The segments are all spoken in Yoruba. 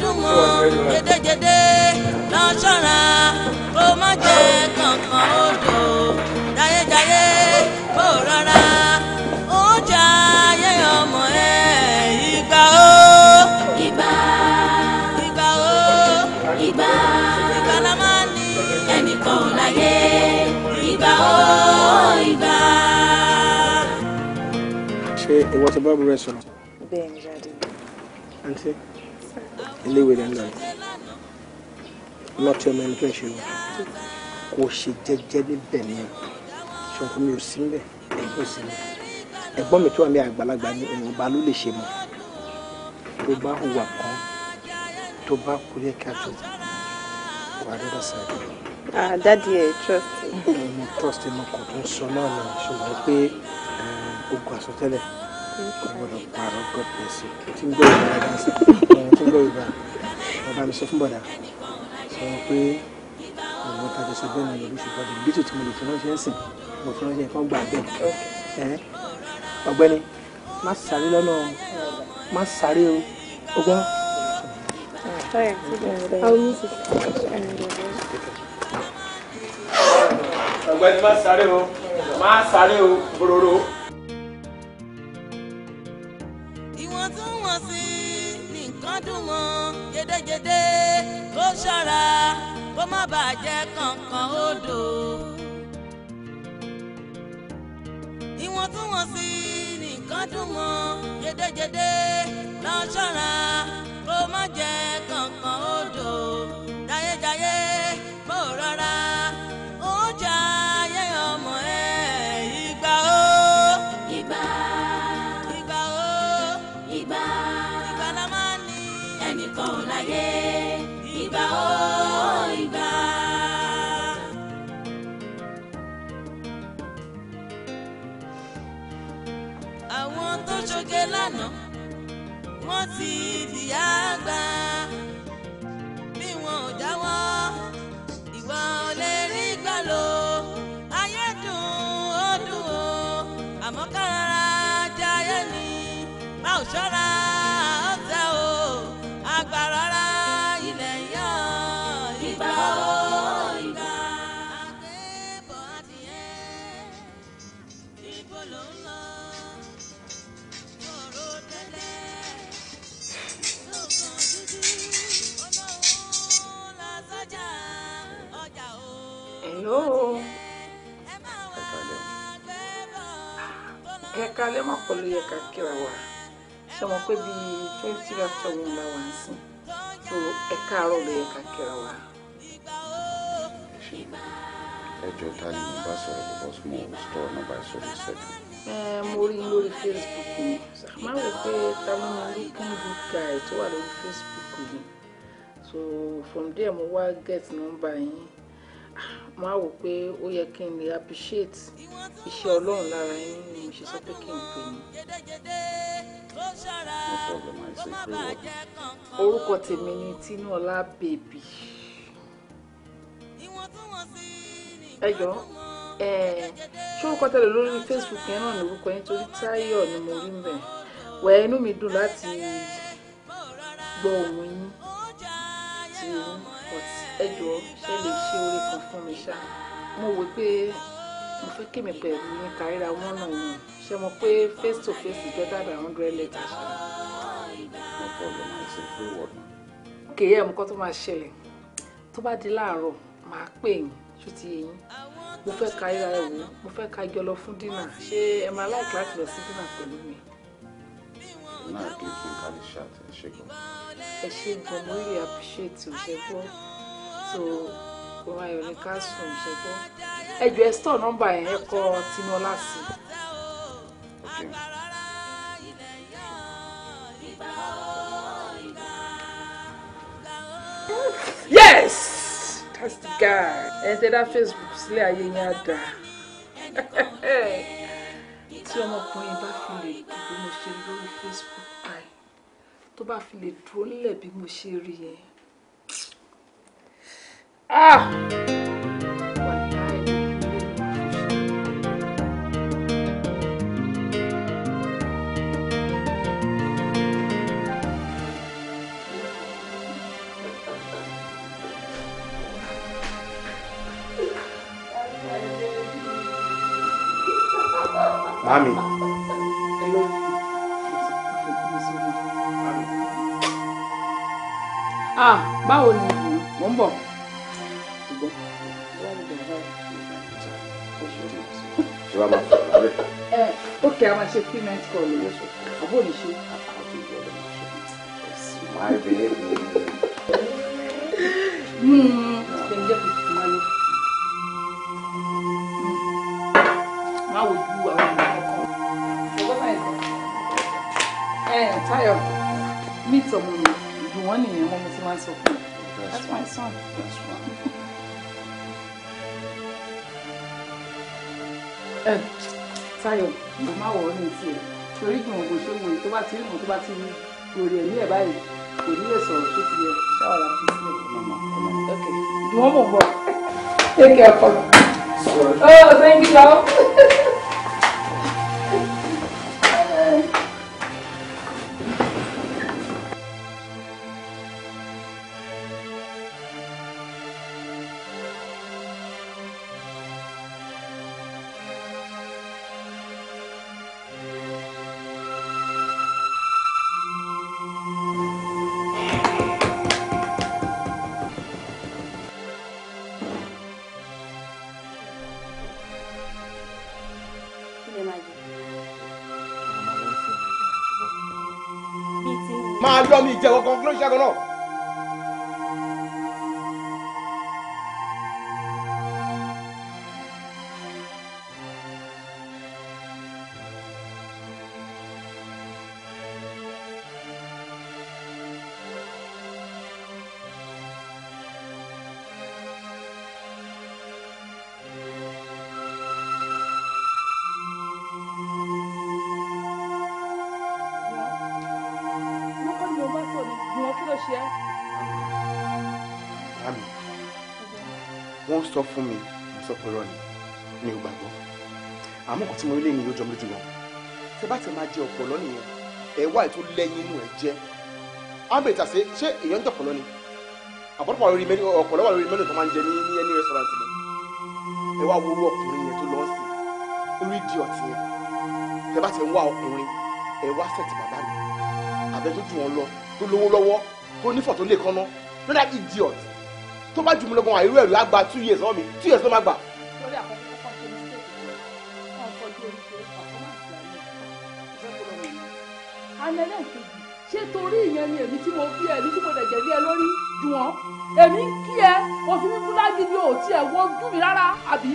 dùn mọ́ jẹdẹjẹdẹ lọ ṣọ́ra kó má jẹ kankan odò jayéjayé kó rọra ó jayé ọmọ ẹ ìgbà ó. ìgbà ìgbà ó ìgbà ìgbà la máa ní ẹnìkan ò láyé ìgbà ó ìgbà. ṣé ìwọ ti bá burú ẹ sọ̀rọ̀. bẹ́ẹ̀ jáde. àǹtí iléèwé rẹ̀ ń lọ lọ́tí ọmọ ẹni tó ń ṣe wọn kò ṣe jẹ́jẹ́ níbẹ̀ ni ṣùgbọ́n mi ò sí ń bẹ̀ ẹ̀gbọ́n sí mi ẹ̀gbọ́n mi tó wà ní àgbàlagbà ni ìwọ̀nba ló lè ṣe mọ́ tó bá hùwà kan tó bá kú yẹ ká tó wà lọ́dà sáré. ah dadi ẹ trust me. mo trust ẹ mo kàn tó ń sọ náà ni ṣùgbọ́n pé eh, ogun àsọtẹ́lẹ̀ gbọ́dọ̀ pààrọ̀ god bless you tí ń gbọ́ ìgbà rẹ̀ dáńsì ọ̀rọ̀ tí ń gbọ́ ìgbà bàbá mi sọ fún bọ̀dà sọ wọn pé ìwọ tàbí sọ bẹ́ẹ̀ ni lórí ṣùgbọ́n the little tí mo lè fi ránṣẹ́ sìn mo fi ránṣẹ́ kan gbà bẹ́ẹ̀ ọ̀gbẹ́ni má sáré lọ́nà má sáré o ọgbọ́n. o má gédégédé kó ṣọ́ra kó má bàa jẹ́ kankan odò. ìwọ̀ntúnwọ̀nsì nìkan dùn mọ́ gédégédé lọ ṣọ́ra kó má jẹ́ kankan odò. gbóge lánàá wọ́n ti fìyà gbà bí wọn ò jáwọ́ ìwà ò gbà lọ. ẹ̀ka lẹ́mọ̀ pọ̀ ló yẹ ká kíra wa ṣe mọ̀ pé bíi twenty after one la wà ń sìn so ẹ̀ka àárọ̀ ló yẹ ká kíra wa. ẹjọ́ ta ni mo bá sọ̀rọ̀ because mo ò sọ nọ́mbà ìsọ̀rọ̀ ìṣẹ́jú. mo rí lórí facebook mi máa wò pé ta ló ní looking good guy tó wà lórí facebook mi so from there mo wá get number. yín mo á wò pé ó yẹ kí n lè appreciate iṣẹ́ ọlọ́run lára yín ni mo ṣe sọ pé kí n pè yín. orúkọ tèmi ni Tinúọlá bèbí. ẹ jọ ṣé orúkọ tẹ̀lé lórí Facebook yẹn náà lórúkọ yín torí Táyọ̀ ni mo rí mbẹ̀ wẹ̀ inú mi dùn láti gbọ́ ohùn yín tí ẹ jọ ṣe lè ṣe oore kan fún mi ṣá mo wò pé mo fẹ́ kémi pẹ̀lú yín kárìíra wọn náà yàn ṣe mo pé face to face is better hundred letters ṣá. no problem i say kọ́ tó máa ṣẹlẹ̀ tó bá di láàárọ̀ màá pè yín ṣó ti yín mo fẹ́ ka ira ẹ̀ mo fẹ́ ka jọ lọ fún dínà ṣé ẹ máa láìpẹ́ láti lọ sí dínà pẹ̀lú mi. ẹ ṣe gan mo rí appreciate òṣègbọ́n so kò máa yọ ní káṣù ìṣẹ́gbọ́ ẹjọ́ ẹ store nọ́mbà yẹn ẹ kọ tinúọlá sí i. yes that's guy ẹ tẹ dá facebook sílẹ̀ ayé yẹn á dà tí ọmọkùnrin bá fi lè dùn bí mo ṣe lórí facebook báyìí tó bá fi lè dúró nílẹ̀ bí mo ṣe rí yẹn. Ah! Mami. Ah, báwo ni? Mo ń bọ̀. ẹ bá máa sọ̀rọ̀ abẹ́. ẹ ó kẹ́ a máa ṣe payment call o àbó ní ṣe. máa bẹ ẹ bí. ṣèǹjẹ́ kò sì máa lọ. máa wò ju àwọn ọmọ meet ọmọ mi ìdùnnú nìyẹn wọn mo ti máa ń sọ fún that's my son. ẹ Táyọ̀ mo má wọ̀ ọ́ ní torí kí wọn kò ṣe wòye tó bá ti rí wọn tó bá ti rí wòye ẹ̀mí ẹ̀ báyìí kò ní lè sọ̀rọ̀ ṣó ti yẹ ṣáwọ̀lá fi sí ọ̀kẹ́ ni wọ́n mọ̀ bọ̀ take care of her. Oh, thank you. カゴの sọ fún mi mo sọ pé rọ ni mi ò gbàgbọ́ àmọ́ nǹkan tí mo rí lẹ́yìn ló jọ mi lójú wọn tẹ bá ti máa jẹ ọ̀pọ̀lọ́ nìyẹn ẹ̀wá ètò lẹ́yìn inú ẹ̀ jẹ́ ábẹ̀ ìtàsé ṣé èèyàn ń dọ̀pọ̀lọ́ ni àbọ̀dọ̀pọ̀ lórí mẹ́rin ọ̀pọ̀lọ́ wà lórí mẹ́rin tó máa ń jẹ ní ní ẹni rẹ́sọ̀rántì mi ẹ̀wá wo owó ọkùnrin yẹn tó lọ́ọ́ sí orí di ọ̀tí yẹn tẹ bá ti ń wá ọkùnrin ẹ̀wá sẹ̀tì bàbá mi àbẹ̀ wọn lọ tó lówó lọ́wọ́ tó nífọ̀ tó lè kánná lọ́dà idiot tó bá jù mí lọ́gbọ̀n àìrú ẹ̀rù á two years lọ́wọ́ two years ló má gbà. ṣé torí ìyẹn ni èmi tí mo fi ẹ ní tí mo dẹ̀jẹ̀ lé ẹ lórí jù wọ́n èmi ń kí ẹ o fi mímú láti bí o tí ẹ wọ́n jù mí rárá àbí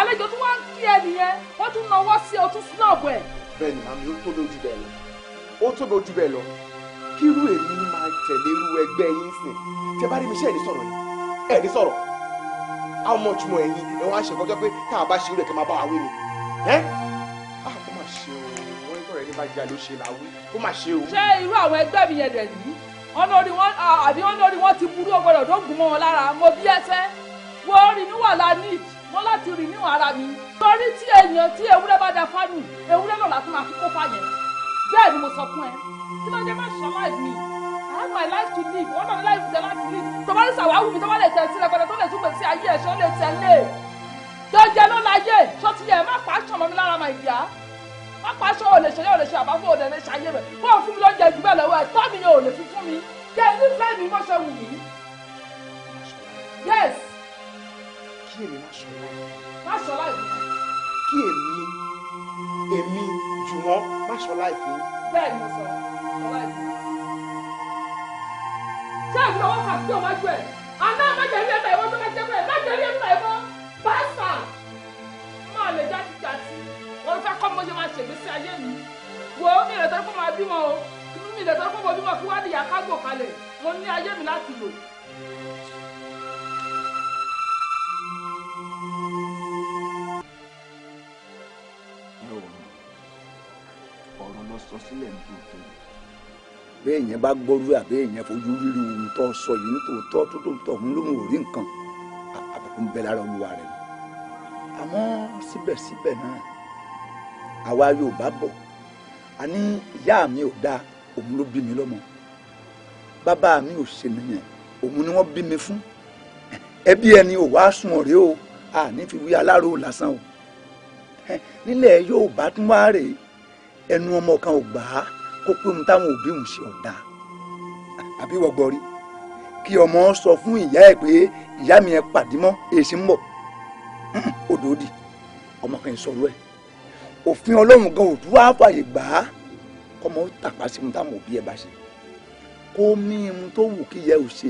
àlejò tí wọ́n ń kí ẹ nìyẹn wọ́n tún náwó sí ẹ o tún snub ẹ. bẹ́ẹ̀ ni màmí ó tóbi ojú bẹ́ẹ̀ lọ ó tóbi ojú bẹ́ẹ̀ lọ kírú èmi máa tẹ̀lé irú ẹgbẹ́ yín sìn tẹ bá rí mi ṣe é ní yìí ẹ̀ ní sọ̀rọ̀ how much more ẹ̀yin ẹ̀ wọ́n á ṣe kọjá pé tá a bá ṣe rẹ̀ kẹ́ máa bá wa wé ni ẹ́ ah kó má ṣe o wọ́n ń tọ̀rọ̀ ẹni bá jà ló ṣe làwé kó má ṣe o. ṣé irú àwọn ẹgbẹ́ mi yẹn dẹ̀ ní ọ̀nọ́rí wọn àbí ọ̀nọ́rí wọn ti burú ọgbọ́dọ̀ tó gùn mọ́ wọn lára mo bí ẹsẹ̀ wọ́n rí níwà la need mo láti rí níwà ara mi torí tí èèyàn tí ewúrẹ́ bá da fánù ewúrẹ́ lọ́la tó máa fi kó fáyẹn bẹ́ẹ̀ ni mo sọ fún ẹ tí wọ́n jẹ́ má ṣọláì mi have my life to live one of my life is the life to live tọ́ba ní sàwáwù mi tọ́ba lè tẹ̀ sílẹ̀ pẹ̀lẹ́ tó lè tún pèsè ayé ẹ̀ṣọ́ lè tẹ̀lé jẹjẹ ló láyé ṣọ́tí yẹ má pa aṣọ ọmọ mi lára máa yá má pa aṣọ òlè ṣẹlẹ̀ òlè ṣe àbáfọ́ òlè lè ṣayé rẹ̀ fún òfin mi ló jẹ jù bẹ́ẹ̀ lọ́wọ́ ẹ̀ tọ́ mi yẹn ò lè fi fún mi jẹ nífẹ̀ẹ́ mi mọ́ṣẹ́ wù mí. yes. kí èmi má sọ láì. má sọ láì. kí èmi èmi jùmọ̀ má sọ láì fún. bẹ́ẹ̀ ni mo sọ sọ ṣé ìlú ọwọ́ kà sí ọmọ jẹ àná àmàjẹ ilé ẹ̀ka ìwọ́n tó bá jẹ́ bẹ́ẹ̀ májẹ ilé ẹ̀ka ìwọ́n pásítà máa lè jáde jàti wọn fẹ́ kọ́ mo ṣe máa ṣègbésí ayé mi wo mi ìrètò kó máa bímọ o mi ìrètò kó máa bímọ kí wá nìyà ká gbò kalẹ̀ mo ní ayé mi láti lò. ọ̀rọ̀ lọ sọ sílẹ̀ ní tòótọ́ bẹ́ẹ̀ yẹn bá gbọ́rú àbẹ́ yẹn fojú ríru ohun tó sọ yìí nítòótọ́ tó tó tọ̀ ń lóhùn òrí nǹkan àbùkù ń bẹ lára olúwa rẹ̀ àmọ́ síbẹ̀síbẹ̀ náà àwa Yorùbá bọ̀ a ní ìyá mi ò dáa òun ló bí mi lọ́mọ bàbá mi ò ṣe nìyẹn òun ni wọ́n bí mi fún ẹbí ẹni ò wá sun ọ̀rẹ́ o a ní fi wí aláró lásán o nílẹ̀ Yorùbá tún wá rèé ẹnu ọmọ kan ò gbà á kó pé ohun táwọn òbí òun ṣe ọ̀dà àbí wọgbọ rí kí ọmọ sọ fún ìyá ẹ pé ìyá mi ẹ pàdé mọ́ èsì ń bọ̀ odò òdì ọmọ kan sọ̀rọ̀ ẹ òfin ọlọ́run gan òdú wá fàyè gbà á kọ́mọ ó tàpá sí ohun táwọn òbí ẹ bá ṣe kó mí ohun tó wù kí ìyá ẹ ò ṣe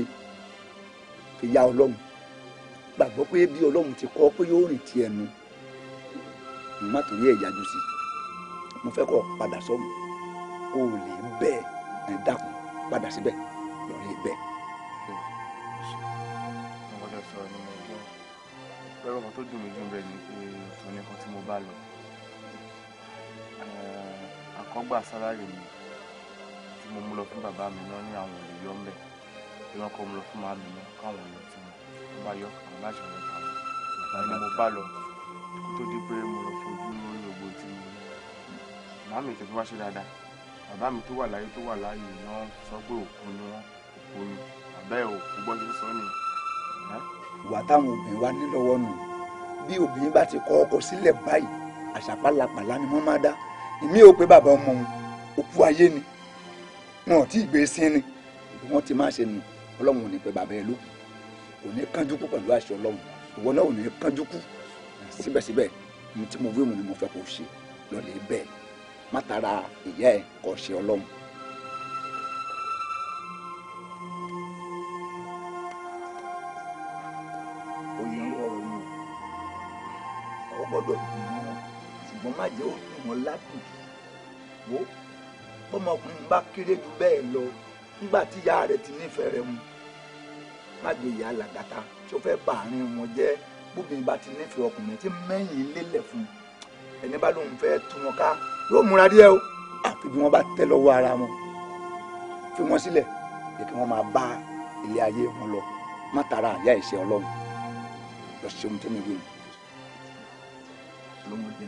fi ya ọlọ́run gbàgbọ́ pé bí ọlọ́run ti kọ́ pé yóò rìn tiẹ̀ nu má torí ẹ̀ yájú sí mo fẹ́ kọ́ padà sọ́hùn o ò lè bẹ́ẹ̀ ẹ̀ dákun padà síbẹ̀ lọ lè bẹ́ẹ̀. mo lọ sọ ní ẹgbẹ́ pẹ́rọ ọmọ tó dùn mí jù bẹ́ẹ̀ ni pé ọ̀tún nìkan tí mo bá lọ àkọ́gbà sálárì mi tí mo mú lọ fún bàbá mi náà ní àwọn òye yọ mbẹ tí wọn kọ mú lọ fún màmí náà káwọn òye tí wọn bá yọ kàn láti wọn kà wọn ni mo bá lọ kó tó di pé mo lọ fojú lórí ògbó tí mo màmí tẹ̀síwájú dáadáa bàbá mi tó wà láyé tó wà láyé náà sọ pé òkú ni wọn òkú ni bàbá ẹ òkú gbọ́dọ̀ sọ ni. ìwà táwọn obìnrin wa ní lọ́wọ́ nù bí obìnrin bá ti kọ ọkọ sílẹ̀ báyìí àṣàpàlàpàlà ni wọ́n máa dá ìmí ò pé bàbá ọmọ òun òkú ayé ni wọn ò tí ì gbé sí ni bí ti máa ṣe nù ọlọ́run ò ní pé bàbá ẹ ló kù ní kánjú kú pẹ̀lú àṣẹ ọlọ́run ìwọ náà ò ní kánjú kú síbẹ̀síbẹ̀ mo ti mo wí mu ni mo fẹ́ kó ṣe lọ́lẹ̀ bẹ́ẹ̀ mátara ìyá ẹ kò ṣe ọlọ́run. oyin ọ̀rọ̀ mi ọ gbọ́dọ̀ dùn mí wọn ṣùgbọ́n má jẹ́ òtún wọn ládùn wo bọ́mọkùnrin bá kéré jù bẹ́ẹ̀ lọ nígbà tí ìyá rẹ̀ ti nífẹ̀ẹ́ rẹ̀ mu má jẹ́ ìyá làgàtà tí ó fẹ́ bá àárín wọn jẹ́ bóbi bá ti nífẹ̀ẹ́ ọkùnrin tí mẹ́yìn lélẹ̀ fún ẹni bá lóun fẹ́ tún wọn ká yóò múra díẹ̀ o àfi bí wọ́n bá tẹ́ lọ́wọ́ ara wọn fi wọ́n sílẹ̀ jẹ́ kí wọ́n máa bá ilé ayé wọn lọ má tara àyà ìṣe ọlọ́run lọ sí ohun tó ní wí ni. lọ́mọdé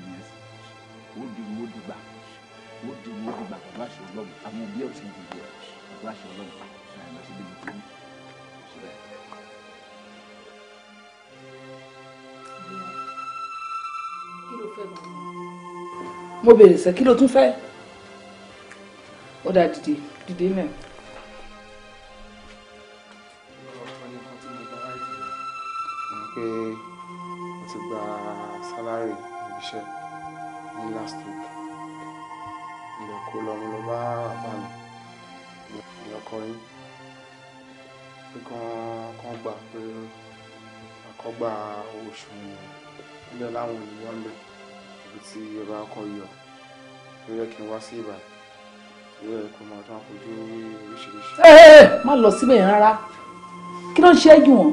mo bèrè sẹ́ kí ló tún fẹ́ ó dá dìde dìde mẹ́. pé mo ti gba sálárì níbi iṣẹ́ ní last week ilẹ̀ kó lọ mo lọ bá bàbá mi ní ọkọ yín pé kán gbà pé àkọ́gbà oṣù nílẹ̀ láwọn ènìyàn bẹ́ẹ̀ ibi tí ẹ bá kọ́ yọ ló yẹ kí n wá sí ìbàdàn ìwé ẹ̀kọ́ máa tán fojú oríṣiríṣi. ẹ ẹ má lọ síbẹ̀ yẹn rárá kí ló ń ṣe é jù wọ́n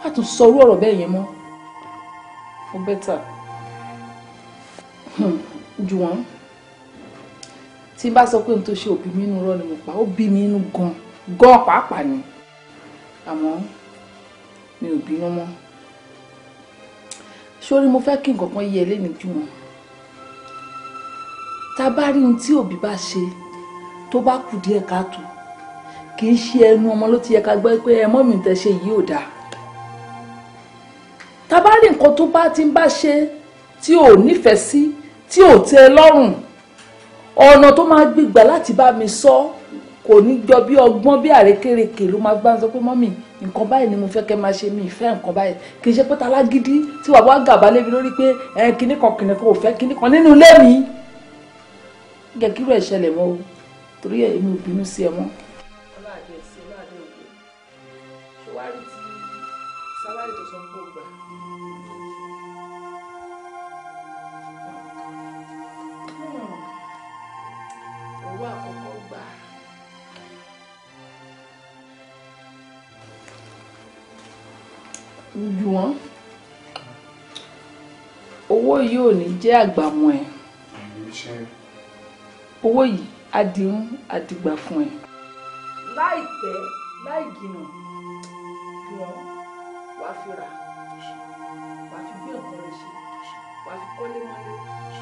má tún sọ orú ọ̀rọ̀ bẹ́ẹ̀ yẹn mọ́ ó bẹ́tà hmm, jù wọ́n tí n bá sọ pé n tó ṣe òbí mi inú rọ ni mo pa ó bí mi inú gan gan pàápàá ni àmọ́ mi ò bínú mọ́ sórí mo fẹ́ kí nǹkan kan yẹ lẹ́nu jù wọn ta bá rí ohun tí òbí bá ṣe tó bá kù díẹ̀ káàtó kì í ṣe ẹnu ọmọ ló ti yẹ ká gbọ́ pé ẹ mọ́ mi tẹ́ ṣe yìí ò dáa ta bá rí nǹkan tó bá ti ń bá ṣe tí ò nífẹ̀ẹ́ sí tí ò tẹ́ ẹ lọ́rùn ọ̀nà tó máa gbégbà láti bá mi sọ kò ní jọ bí ọgbọ́n bí àrékérekè ló máa gbá sọ pé mọ́mì nǹkan báyìí ni mo fẹ́ kẹ́ máa ṣe mi ìfẹ́ nǹkan báyìí kì í ṣe pé tala gidi tí wàá wá gàba lébi lórí pé ẹ kíní kan kìnìún kan ò fẹ́ kíní kan nínú ilé mi. gẹ́gẹ́ kí ló ẹ̀ ṣẹlẹ̀ mọ́ o torí ẹ̀ èmi ò bínú sí ẹ mọ́. owó yìí ò ní jẹ́ àgbàmú ẹ̀ owó yìí á dirún á dìgbà fún ẹ. láìpẹ́ láì jìnnà wọn wá fi ra wá fi gbé nǹkan rẹ ṣe wá fi kọ́lé mọ́lẹ̀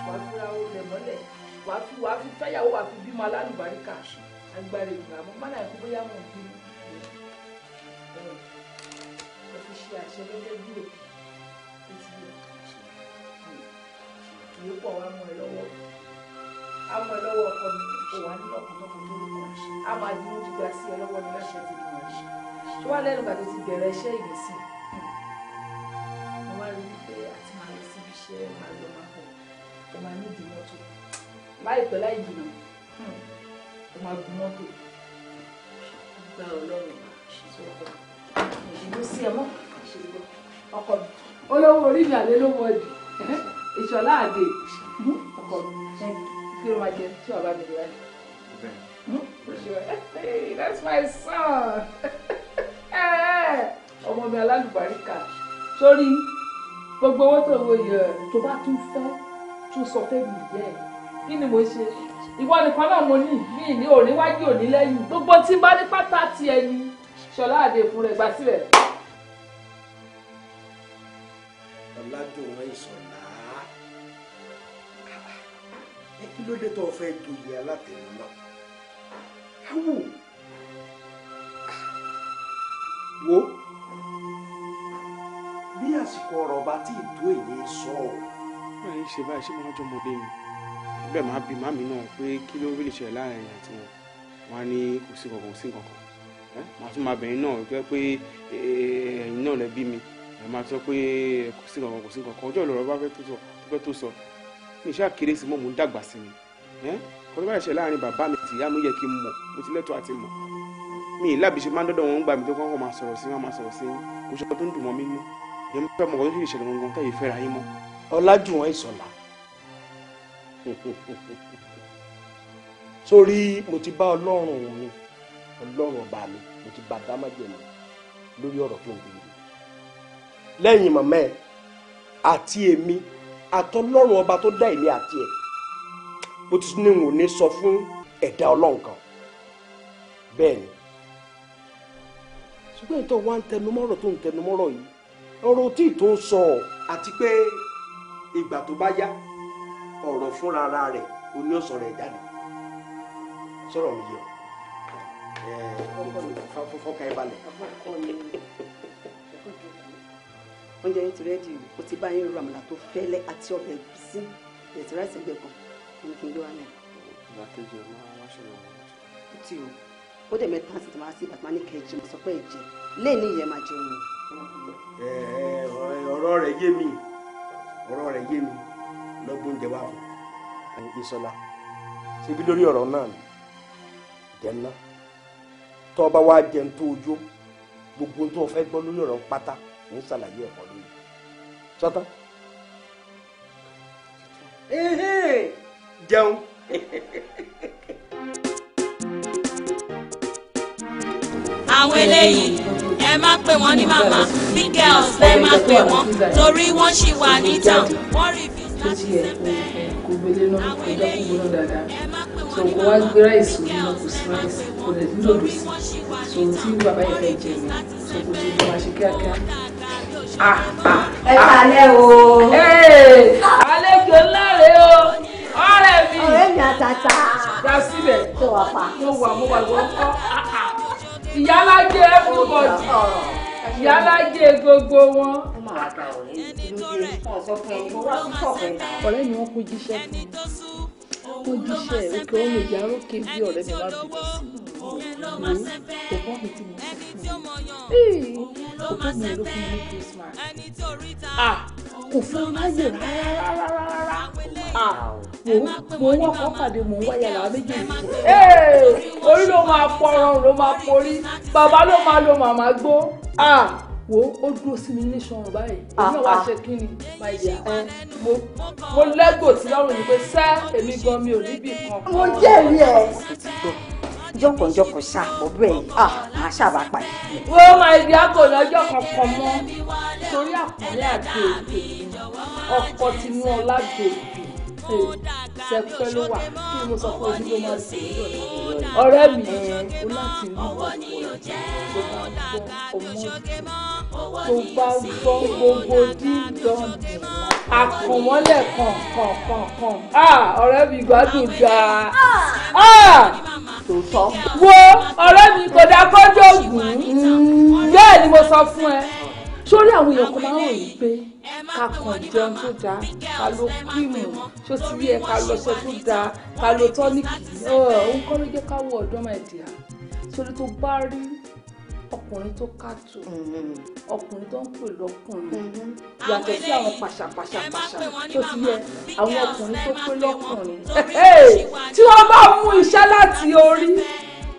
wá fi ra olè mọ́lẹ̀ wá fi wá fi fẹ́yàwó wá fi bímọ alálùbáríkà agbára ìgbà mọ́ mọ́nà ẹ̀kú bóyá mọ̀ bí mo fi ṣe àṣẹ gẹ́gẹ́ bí òkè yóò pọ̀ wá mọ̀ ẹ́ lọ́wọ́ àmọ́ ẹ lọ́wọ́ ọkọ mi kò wá ní ọkùnrin lórúkọ àmọ́ àdúró gbígbà sí ẹ lọ́wọ́ ní láṣẹ ti dùn ẹ̀ tó wá lẹ́nu gbà tó ti bẹ̀rẹ̀ iṣẹ́ ìgbésìn mo wá rí wípé àti máa lọ síbi iṣẹ́ máa lọ máa bọ̀ ó máa ní ìdí mọ́tò láìpẹ́ láì jìnnà ó máa gun mọ́tò gba ọlọ́run ṣètò ọkọ mi ìṣèlú sí ẹ mọ́ ọkọ olówó orí mi àlélówó ọdì ìṣọlá àdè hmm? ọkọ kí ló máa jẹ tí wàá bá mi lọ rẹ. Hmm? that's my son ọmọ mi alálùbáríkà sórí gbogbo owó tó wo yẹ tó bá tún fẹ́ tún sọ fẹ́ mi yẹ kí ni mo ṣe ìwọ nìkan náà mo ní mi ní òní wájú òní lẹ́yìn gbogbo tí bá ní pátá ti ẹni ṣọlá àdè fún rẹ gbà sílẹ̀. ọ̀làjò wọn ìsọ̀rọ̀. ẹ kí ló dé tó fẹ́ doyè alátẹ̀mí náà ẹ wò wò bí àsìkò ọ̀rọ̀ bá tí ì tó èyí sọ ọ́. báyìí ṣe báyìí ṣé wọ́n jọ ọmọdé ni bẹ́ẹ̀ máa bí màmí náà pé kí ló rí ìṣẹ̀lẹ̀ láàrin àti wọn wọn á ní kò sí kankan kò sí kankan màá tún máa bẹ̀yìn náà jẹ́ pé ẹ̀yìn náà lẹ bí mi ẹ̀ máa sọ pé kò sí kankan kò sí kankan ọjọ́ ìlọrọ̀ bá fẹ́ tó sọ mi ṣáà kéré sí mọ́ mò ń dàgbà sí ni kọ́ bá ṣẹlẹ̀ láàrin bàbá mi tìyá mi yẹ kí n mọ̀ mo ti lẹ́tọ̀ọ́ àti mọ̀ mi ì lábìṣe máa ń dọ́dọ̀ wọn gbà mí tó kọ́kọ́ máa sọ̀rọ̀ sí wọn máa sọ̀rọ̀ sí kò ṣe tó ń dùn mọ́ mi nú yẹn fẹ́ mọ̀ kọ́ tó ṣe ìṣẹ̀lẹ̀ gangan táyé fẹ́ra yín mọ́. ọlájúwọ̀n ìsọ̀lá sórí mo ti bá ọlọ́run mi ọlọ́run ọba mi mo ti bá dámájẹ̀mí lórí ọ̀rọ̀ tó ń bèrè lẹ́yìn màmá àti èmi àtọlọ́run ọba tó dá èmi àti ẹ̀ bó ti ní wò ní sọ fún ẹ̀dá ọlọ́run kan bẹ́ẹ̀ ni ṣùgbọ́n ìtọ́ wa ń tẹnumọ́rọ̀ tó ń tẹnumọ́rọ̀ yìí ọ̀rọ̀ tí tó ń sọ àti pé ìgbà tó bá yá ọ̀rọ̀ fúnra rẹ̀ oní ọ̀sán rẹ̀ jáde sọ̀rọ̀ mi yẹ ẹ̀ fọ́kà ẹ̀ balẹ̀ oúnjẹ yín ti rẹ́dì o ti bá yín ro àmàlà tó fẹ́lẹ́ àti ọbẹ̀ ẹ̀gúsí ẹ̀tì ráìsì ń kan ní kí n gbé wá náà. ìgbàkejì ọ̀nà aláṣẹ̀wọ̀ ó ti o ó dẹ̀ mẹ́ta sì ti sí ìbàtí ní kẹjì mo sọ pé ẹ̀jẹ̀ lẹ́ẹ̀ni ìyẹn máa jẹun ọ̀rọ̀ rẹ̀ yé mi ọ̀rọ̀ rẹ̀ yé mi lọ́gbọ́n oúnjẹ wà fún Ìsọlá ṣebí lórí ọ̀rọ̀ náà ni jẹun tọ́ ọ bá wá jẹun tó ojú gbogbo tó o fẹ́ gbọ́ lórí ọ̀rọ̀ pátá ń ṣàlàyé ẹ̀kọ́ lóye sọ́tán. jẹun. àwọn eléyìí ẹ má pè wọ́n ní màmá big girls ẹ má pè wọ́n torí wọ́n ṣì wà ní town wọ́n rí fífi láti ṣẹ́fẹ́ kò gbélé náà kò dá dáadáa so kò wá gbé ráìsì orí náà kò sí ráìsì kò dẹ̀ nílò lòsì so tí bàbá yẹn fẹ́ jẹ mi so kò ṣe bí ṣe kíákíá ẹ kálẹ́ o. àlejò ńlá rèé o ọ̀rẹ́ mi. ọ̀rẹ́ mi àtàtà. gba sílẹ̀ tó wà pa. tó wà mo wà lọ kọ́ ìyálájẹ everybody ìyálájẹ gbogbo wọn. ọ̀rẹ́ mi wọ́n kó jíṣẹ́ fún mi mo jíṣẹ́ òkè ọmọ ìyá rókè bí ọ̀rẹ́ mi wá bìbí sí hmm, kò fún mi ló fún mi ní Christmas ah kò fún mi láyè rárá rárá ah mo mo pàdé mo ń wáyà làwọn méjèèjì orí ló máa pọ̀rọ̀ ló máa porí bàbá ló máa lo màmá gbó ah wo ó dúró sí mi ní sọrùn báyìí èmi ò wá ah, ah. ṣe kí ni máa yà ẹ mo mo lẹ́gbò tí lọ́rùn yìí pé sẹ́ èmi gan mi ò níbì kan. mo jẹ́rìí ẹ̀ jọkànjọkàn ṣàpọ̀ bẹ́ẹ̀ à máa ṣàbà pàdé. wọ́n máa di àpò lọ́jọ́ kankan mọ́ torí àpọ́nlé àti èdè ọkọ̀ tinú ọlá gbèbè sẹpẹ ló wà kí ni mo sọ fún ojú ló máa ṣe ọ̀rẹ́ mi o láti ní ọ̀pọ̀ ọmọ ìlú tó bá gbọ́ gbogbo dídán àkànmọ́lẹ̀ kànkànkànkàn ọ̀rẹ́ mi gbádùn dáa tó sọ. wo ọ̀rẹ́ mi kò dáa kọ́jọ́ ògùn hmm, bẹ́ẹ̀ ni mo sọ fún ẹ sórí àwọn èèyàn kan máa ń rò yìí pé ká kàn jẹun tó dáa ká lo kírìmù tó ti rí ẹ ká lọ sọ tó dáa ká lo tọ́nìkì òun kọ́ ló jẹ́ ká wọ ọ̀dọ́ máa dìá sórí tó bá rí ọkùnrin tó kàtó mm-hmm. ọkùnrin tó ń pè lọ́kùnrin mm-hmm. yàtọ̀ sí àwọn pàṣàpàṣàpàṣà tó ti yẹ àwọn ọkùnrin tó pè lọ́kùnrin tí wọ́n bá mú iṣẹ́ láti orí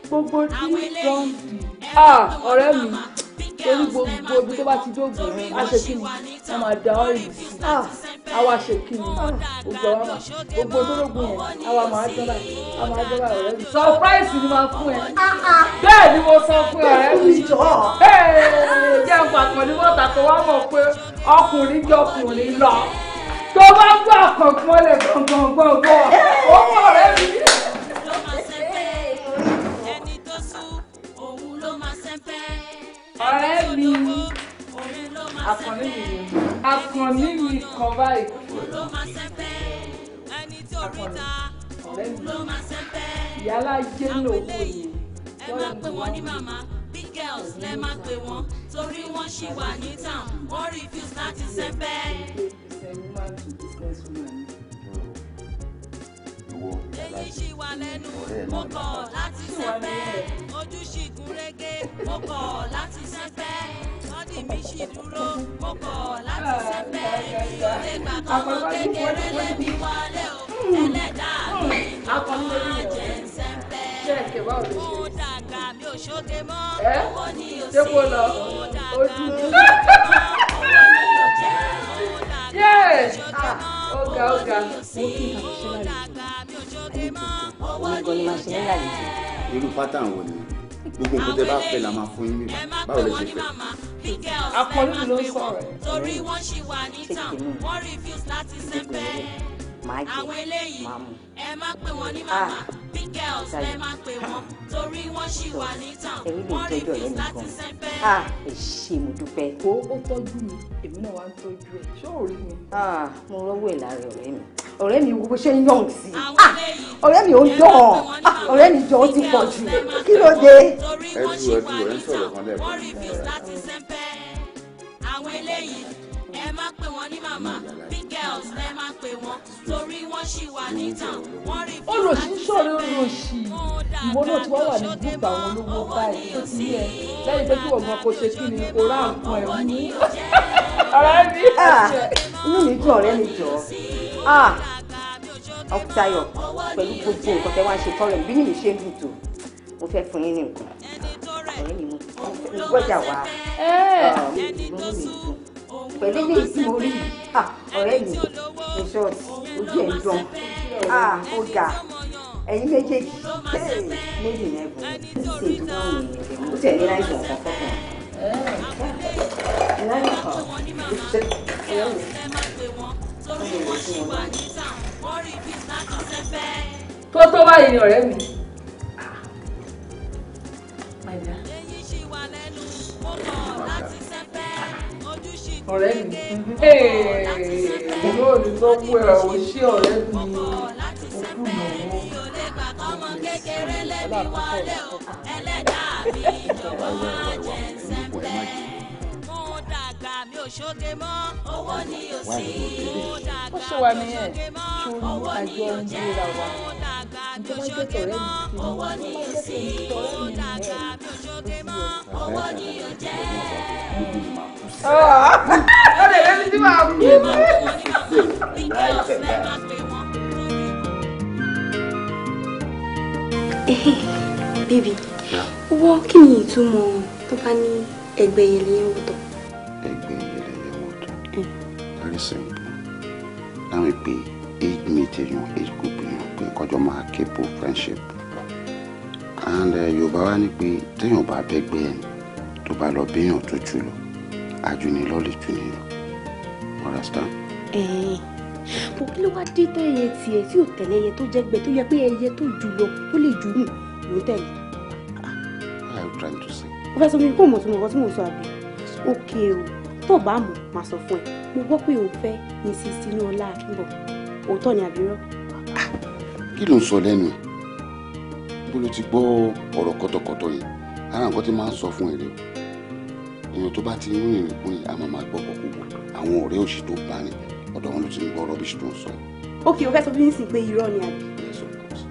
gbogbo ní rọ́ǹdì ah, ọ̀rẹ́ mi torí gbogbo ibi tó bá ti dógùn ní aṣèkínni wọn máa da ọ́ìlì sí àwa ah, aṣèkínni gbogbo àwa máa gbogbo tó dógùn yẹn àwa máa dọ́là àwa máa dọ́là ọ̀rẹ́ mi. surprise ni máa fún ẹ bẹ́ẹ̀ ni mo sọ fún ọ̀rẹ́ mi jọ jẹ́ pàtàkì ní bọ́tà tó wá mọ̀ pé ọkùnrin jọkùnrin lọ tó bá gbọ́ àkànkùn ọ̀lẹ̀ gbọ̀ngbọ̀ngbọ̀ngbọ̀ ó mọ̀ ọ̀rẹ́ mi. ló máa ṣe pé ẹni tó sùn òun ló máa ṣe pé ọ̀rẹ́ mi àkànní mi àkànní mi kan báyìí. àkànní ọ̀rẹ́ mi ìyálà jẹ́ lówó yìí. ẹ má pè wọ́n ní màmá big girls lẹ má pè wọ́n torí wọ́n ṣì wà ní town wọ́n refuse láti ṣẹ́pẹ́. ṣe é máa ń tún business woman ní èyí ṣì wà lẹ́nu ojú ṣì gún régé mo kọ̀ láti sẹ́pẹ́ bọ́dì mi ṣì dúró mo kọ̀ láti sẹ́pẹ́ ah, èmi ò lè gbà kọ́mọ kékeré lẹ́mi wálé o hmm. ẹlẹ́dàá mi ọkọ̀ hmm. máa jẹ́ ń sẹ́pẹ́ mo dàgbà mi ò ṣoge mọ́ owó ni ò sí mo dàgbà mi ò owó ni ò jẹ́ mo dàgbà mi ò ṣoge mọ́ owó ni ò sí mo dàgbà mi òun gan ni máa ṣe ní àlejò. irú pátán wo ni gbogbo nǹkan tẹ bá fẹ́ la máa fún yín báwo lè ṣe fẹ́. akọni ló ń sọ̀rọ̀ ẹ. torí wọn ṣì wà ní tàn wọn refuse láti sẹpẹ àwọn eléyìí ẹ má pè wọn ní màmá big girls ẹ má pè wọn torí wọn ṣì wà ní tàn refuse láti sẹpẹ. a ah, ṣe mo dúpẹ́. o ó tọ́jú mi èmi náà wá ń tọ́jú ẹ ṣé rí mi. Ah, mo rọ́wọ́ ẹ̀ lára ọ̀rẹ́ mi ọ̀rẹ́ mi wo bó ṣe ń yàn sí ah, ọ̀rẹ́ mi ò ń dán ah, ọ̀rẹ́ mi jọ ó ti pọ̀ jù kí ló dé. ẹ dúró ẹ ń sọ̀rọ̀ kan lẹ́ẹ̀kan. àwọn eléyìí ẹ má pè wọ́n ní màmá big girls ẹ má pè wọ́n torí wọ́n ṣì wà ní town wọ́n rí bí wọ́n ti sọ̀rọ̀ olóṣì ìwọ náà ti wá wà ní gúúpù àwọn olówó báyìí tó ti yẹ lẹ́yìn pé kí ọ̀gbọ́n kò ṣe kí ni kò rá nǹkan ẹ̀ mú. Ah, ọ̀rẹ́ mi jọ ọ̀rẹ́ mi jọ ọkùtayọ pẹ̀lú gbogbo nǹkan tẹ́ wá ń ṣe tọrẹ bí mi ṣe ń dùn tó mo fẹ́ fún yín ní nǹkan ọ̀rẹ́ mi mo gbọ́dọ̀ wá mo mi dùn pẹ̀lú ní ìsinmi orí ọ̀rẹ́ mi mo ṣọ́ọ̀tì ojú ẹ̀ ń dán ó ga ẹ̀yin méjèèjì méjì ní ẹ̀bùn ṣe ìdúró àwọn ènìyàn mo tẹ̀ ní láìsàn ọ̀kan fọ́kàn. Thank you torí wọ́n ṣì wà níta wọ́n rí bí láti sẹ́fẹ́. tó tó báyìí ni ọ̀rẹ́ mi. èyí ṣì wà lẹ́nu ó lọ láti sẹ́fẹ́ ojú ṣì ti gé ó kékeré lẹ́bi wọlé o ẹlẹ́dàá mi jọ̀wọ́ má jẹ́ sẹ́fẹ́ dàgbà mi ò ṣoge mọ́ owó ni yóò sí mo dàgbà mi ò ṣoge mọ́ owó ni yóò jẹ́ mo dàgbà mi ò ṣoge mọ́ owó ni yóò sí mo dàgbà mi ò ṣoge mọ́ owó ni yóò jẹ́. ó lè lẹ́nu tí màá kú. Baby, wọ́n kí ni ìtumọ̀ tó bá ní ẹgbẹ́ yẹlẹ́yẹ̀wò tó? very soon láwọn ìpè age mate èèyàn age group èèyàn pé kọjọ máa képo friendship and eh, yorùbá wá ní pé téèyàn to bẹ́gbẹ́ ẹni tó bá lọ béèyàn tó jù lọ àjùnilọ́ lè jù ní lọ understand. ẹ̀ẹ́n eh. mo kí ló wá dé tẹ́ ẹyẹ tiẹ̀ tí ò tẹ̀lé ẹyẹ tó jẹ́ gbẹ tó yẹ pé ẹyẹ tó jù lọ tó lè jù nù ló tẹ̀lé. I am trying to say. o fẹ́ sọ mi kó mọ̀ sí mi nǹkan tí mò okay o tó bá mọ̀ máa sọ fún ẹ mo gbọ́ pé o fẹ́ Mrs. Tinúọlá Akínbọ̀ òótọ́ ni àbírọ́. kí ló ń sọ lẹ́nu ẹ̀ bó ló ti gbọ́ ọ̀rọ̀ kọ́tọ̀kọ́tọ̀ yẹn ara nǹkan tí máa ń sọ fún ẹ rẹ o èèyàn tó bá ti ń rìn rìn kún yìí a máa máa gbọ́ pọ̀ kúkú àwọn ọ̀rẹ́ òṣì tó bá ní ọ̀dọ̀ wọn ló ti ń gbọ́ rọ́bìṣì tó ń sọ yìí. ok o fẹ́ sọ fún mi sí pé irọ́ ni àbí. yes of course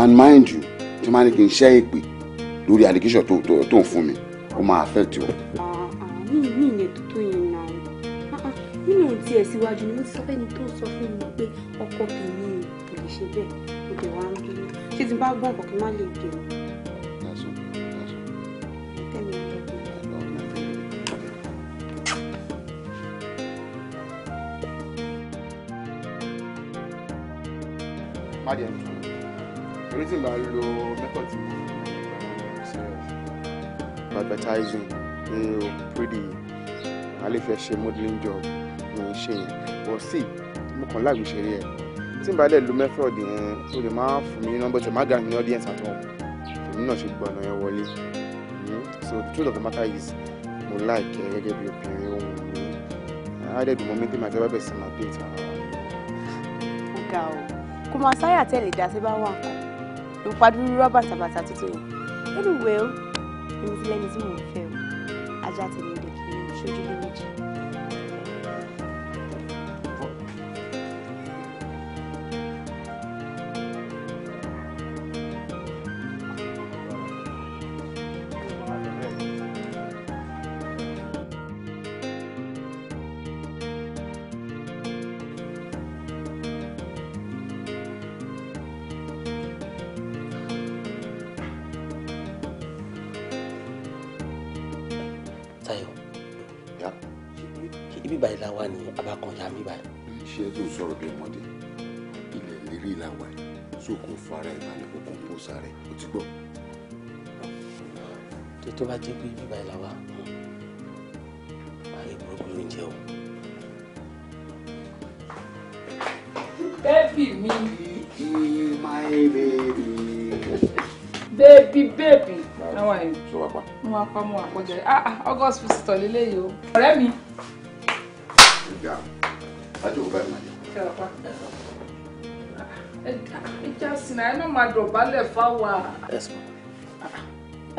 and mind you tí máa ní kí n ṣẹ́ èpè lórí allegation tó ń fún mi ó máa affect you yìí ní ìyẹn tó tó yẹn náà ah, ah, nínú ti ẹ̀ síwájú ni mo ti sọ fẹ́ni tó sọ fún mi pé ọkọ tèmi kò lè ṣe bẹ́ẹ̀ mo dẹ̀ wá ń dúró ṣé ti bá gbọ́n kọ̀ọ̀kan má lè dè o. má dẹ̀ tún torí tí n bá lo mẹ́tọ̀tì mi ní ìgbà yẹn advertising pé o pretty a lè ṣe modeling job mi ń ṣe yẹn but see mo kàn láàgbé ṣeré ẹ̀ tí n bá dẹ̀ lo method yẹn o lè máa fún mi ní nọ́mbà tí o máa gà ní audience at all èmi náà ṣe gbọ́ ọ̀nà yẹn wọlé hmm? so the truth of the matter is mo like ẹ gẹ́gẹ́ bí obìnrin ohun mi adẹ́dùn mọ́mí tí màá tẹ́ bá bẹ̀ sí máa dé ìtàn ara mi. ó ga o kò máa sáyà tẹ̀lé dá sí bá wà nǹkan ló padú rọ́bà tàbàtà tuntun yìí anyway èmi ti lẹ́ni tí mo fẹ́. That's it. so kò fara ẹ̀ balẹ̀ kò kọ̀ǹpósà rẹ̀ o ti gbọ́. tó tó bá jẹ́ pé bíbá ẹ̀ làwà máa rí burúkú ló ń jẹ́ o. bẹ́ẹ̀bì mi. my baby. bẹ́ẹ̀bì bẹ́ẹ̀bì. ṣé wàá pa. wọ́n wá pa mọ́ àpọ̀jẹ́ ah ah august visitor lélẹ́yìí o. ọ̀rẹ́ mi. nà ẹ má máa dọ̀bálẹ̀ fáwa.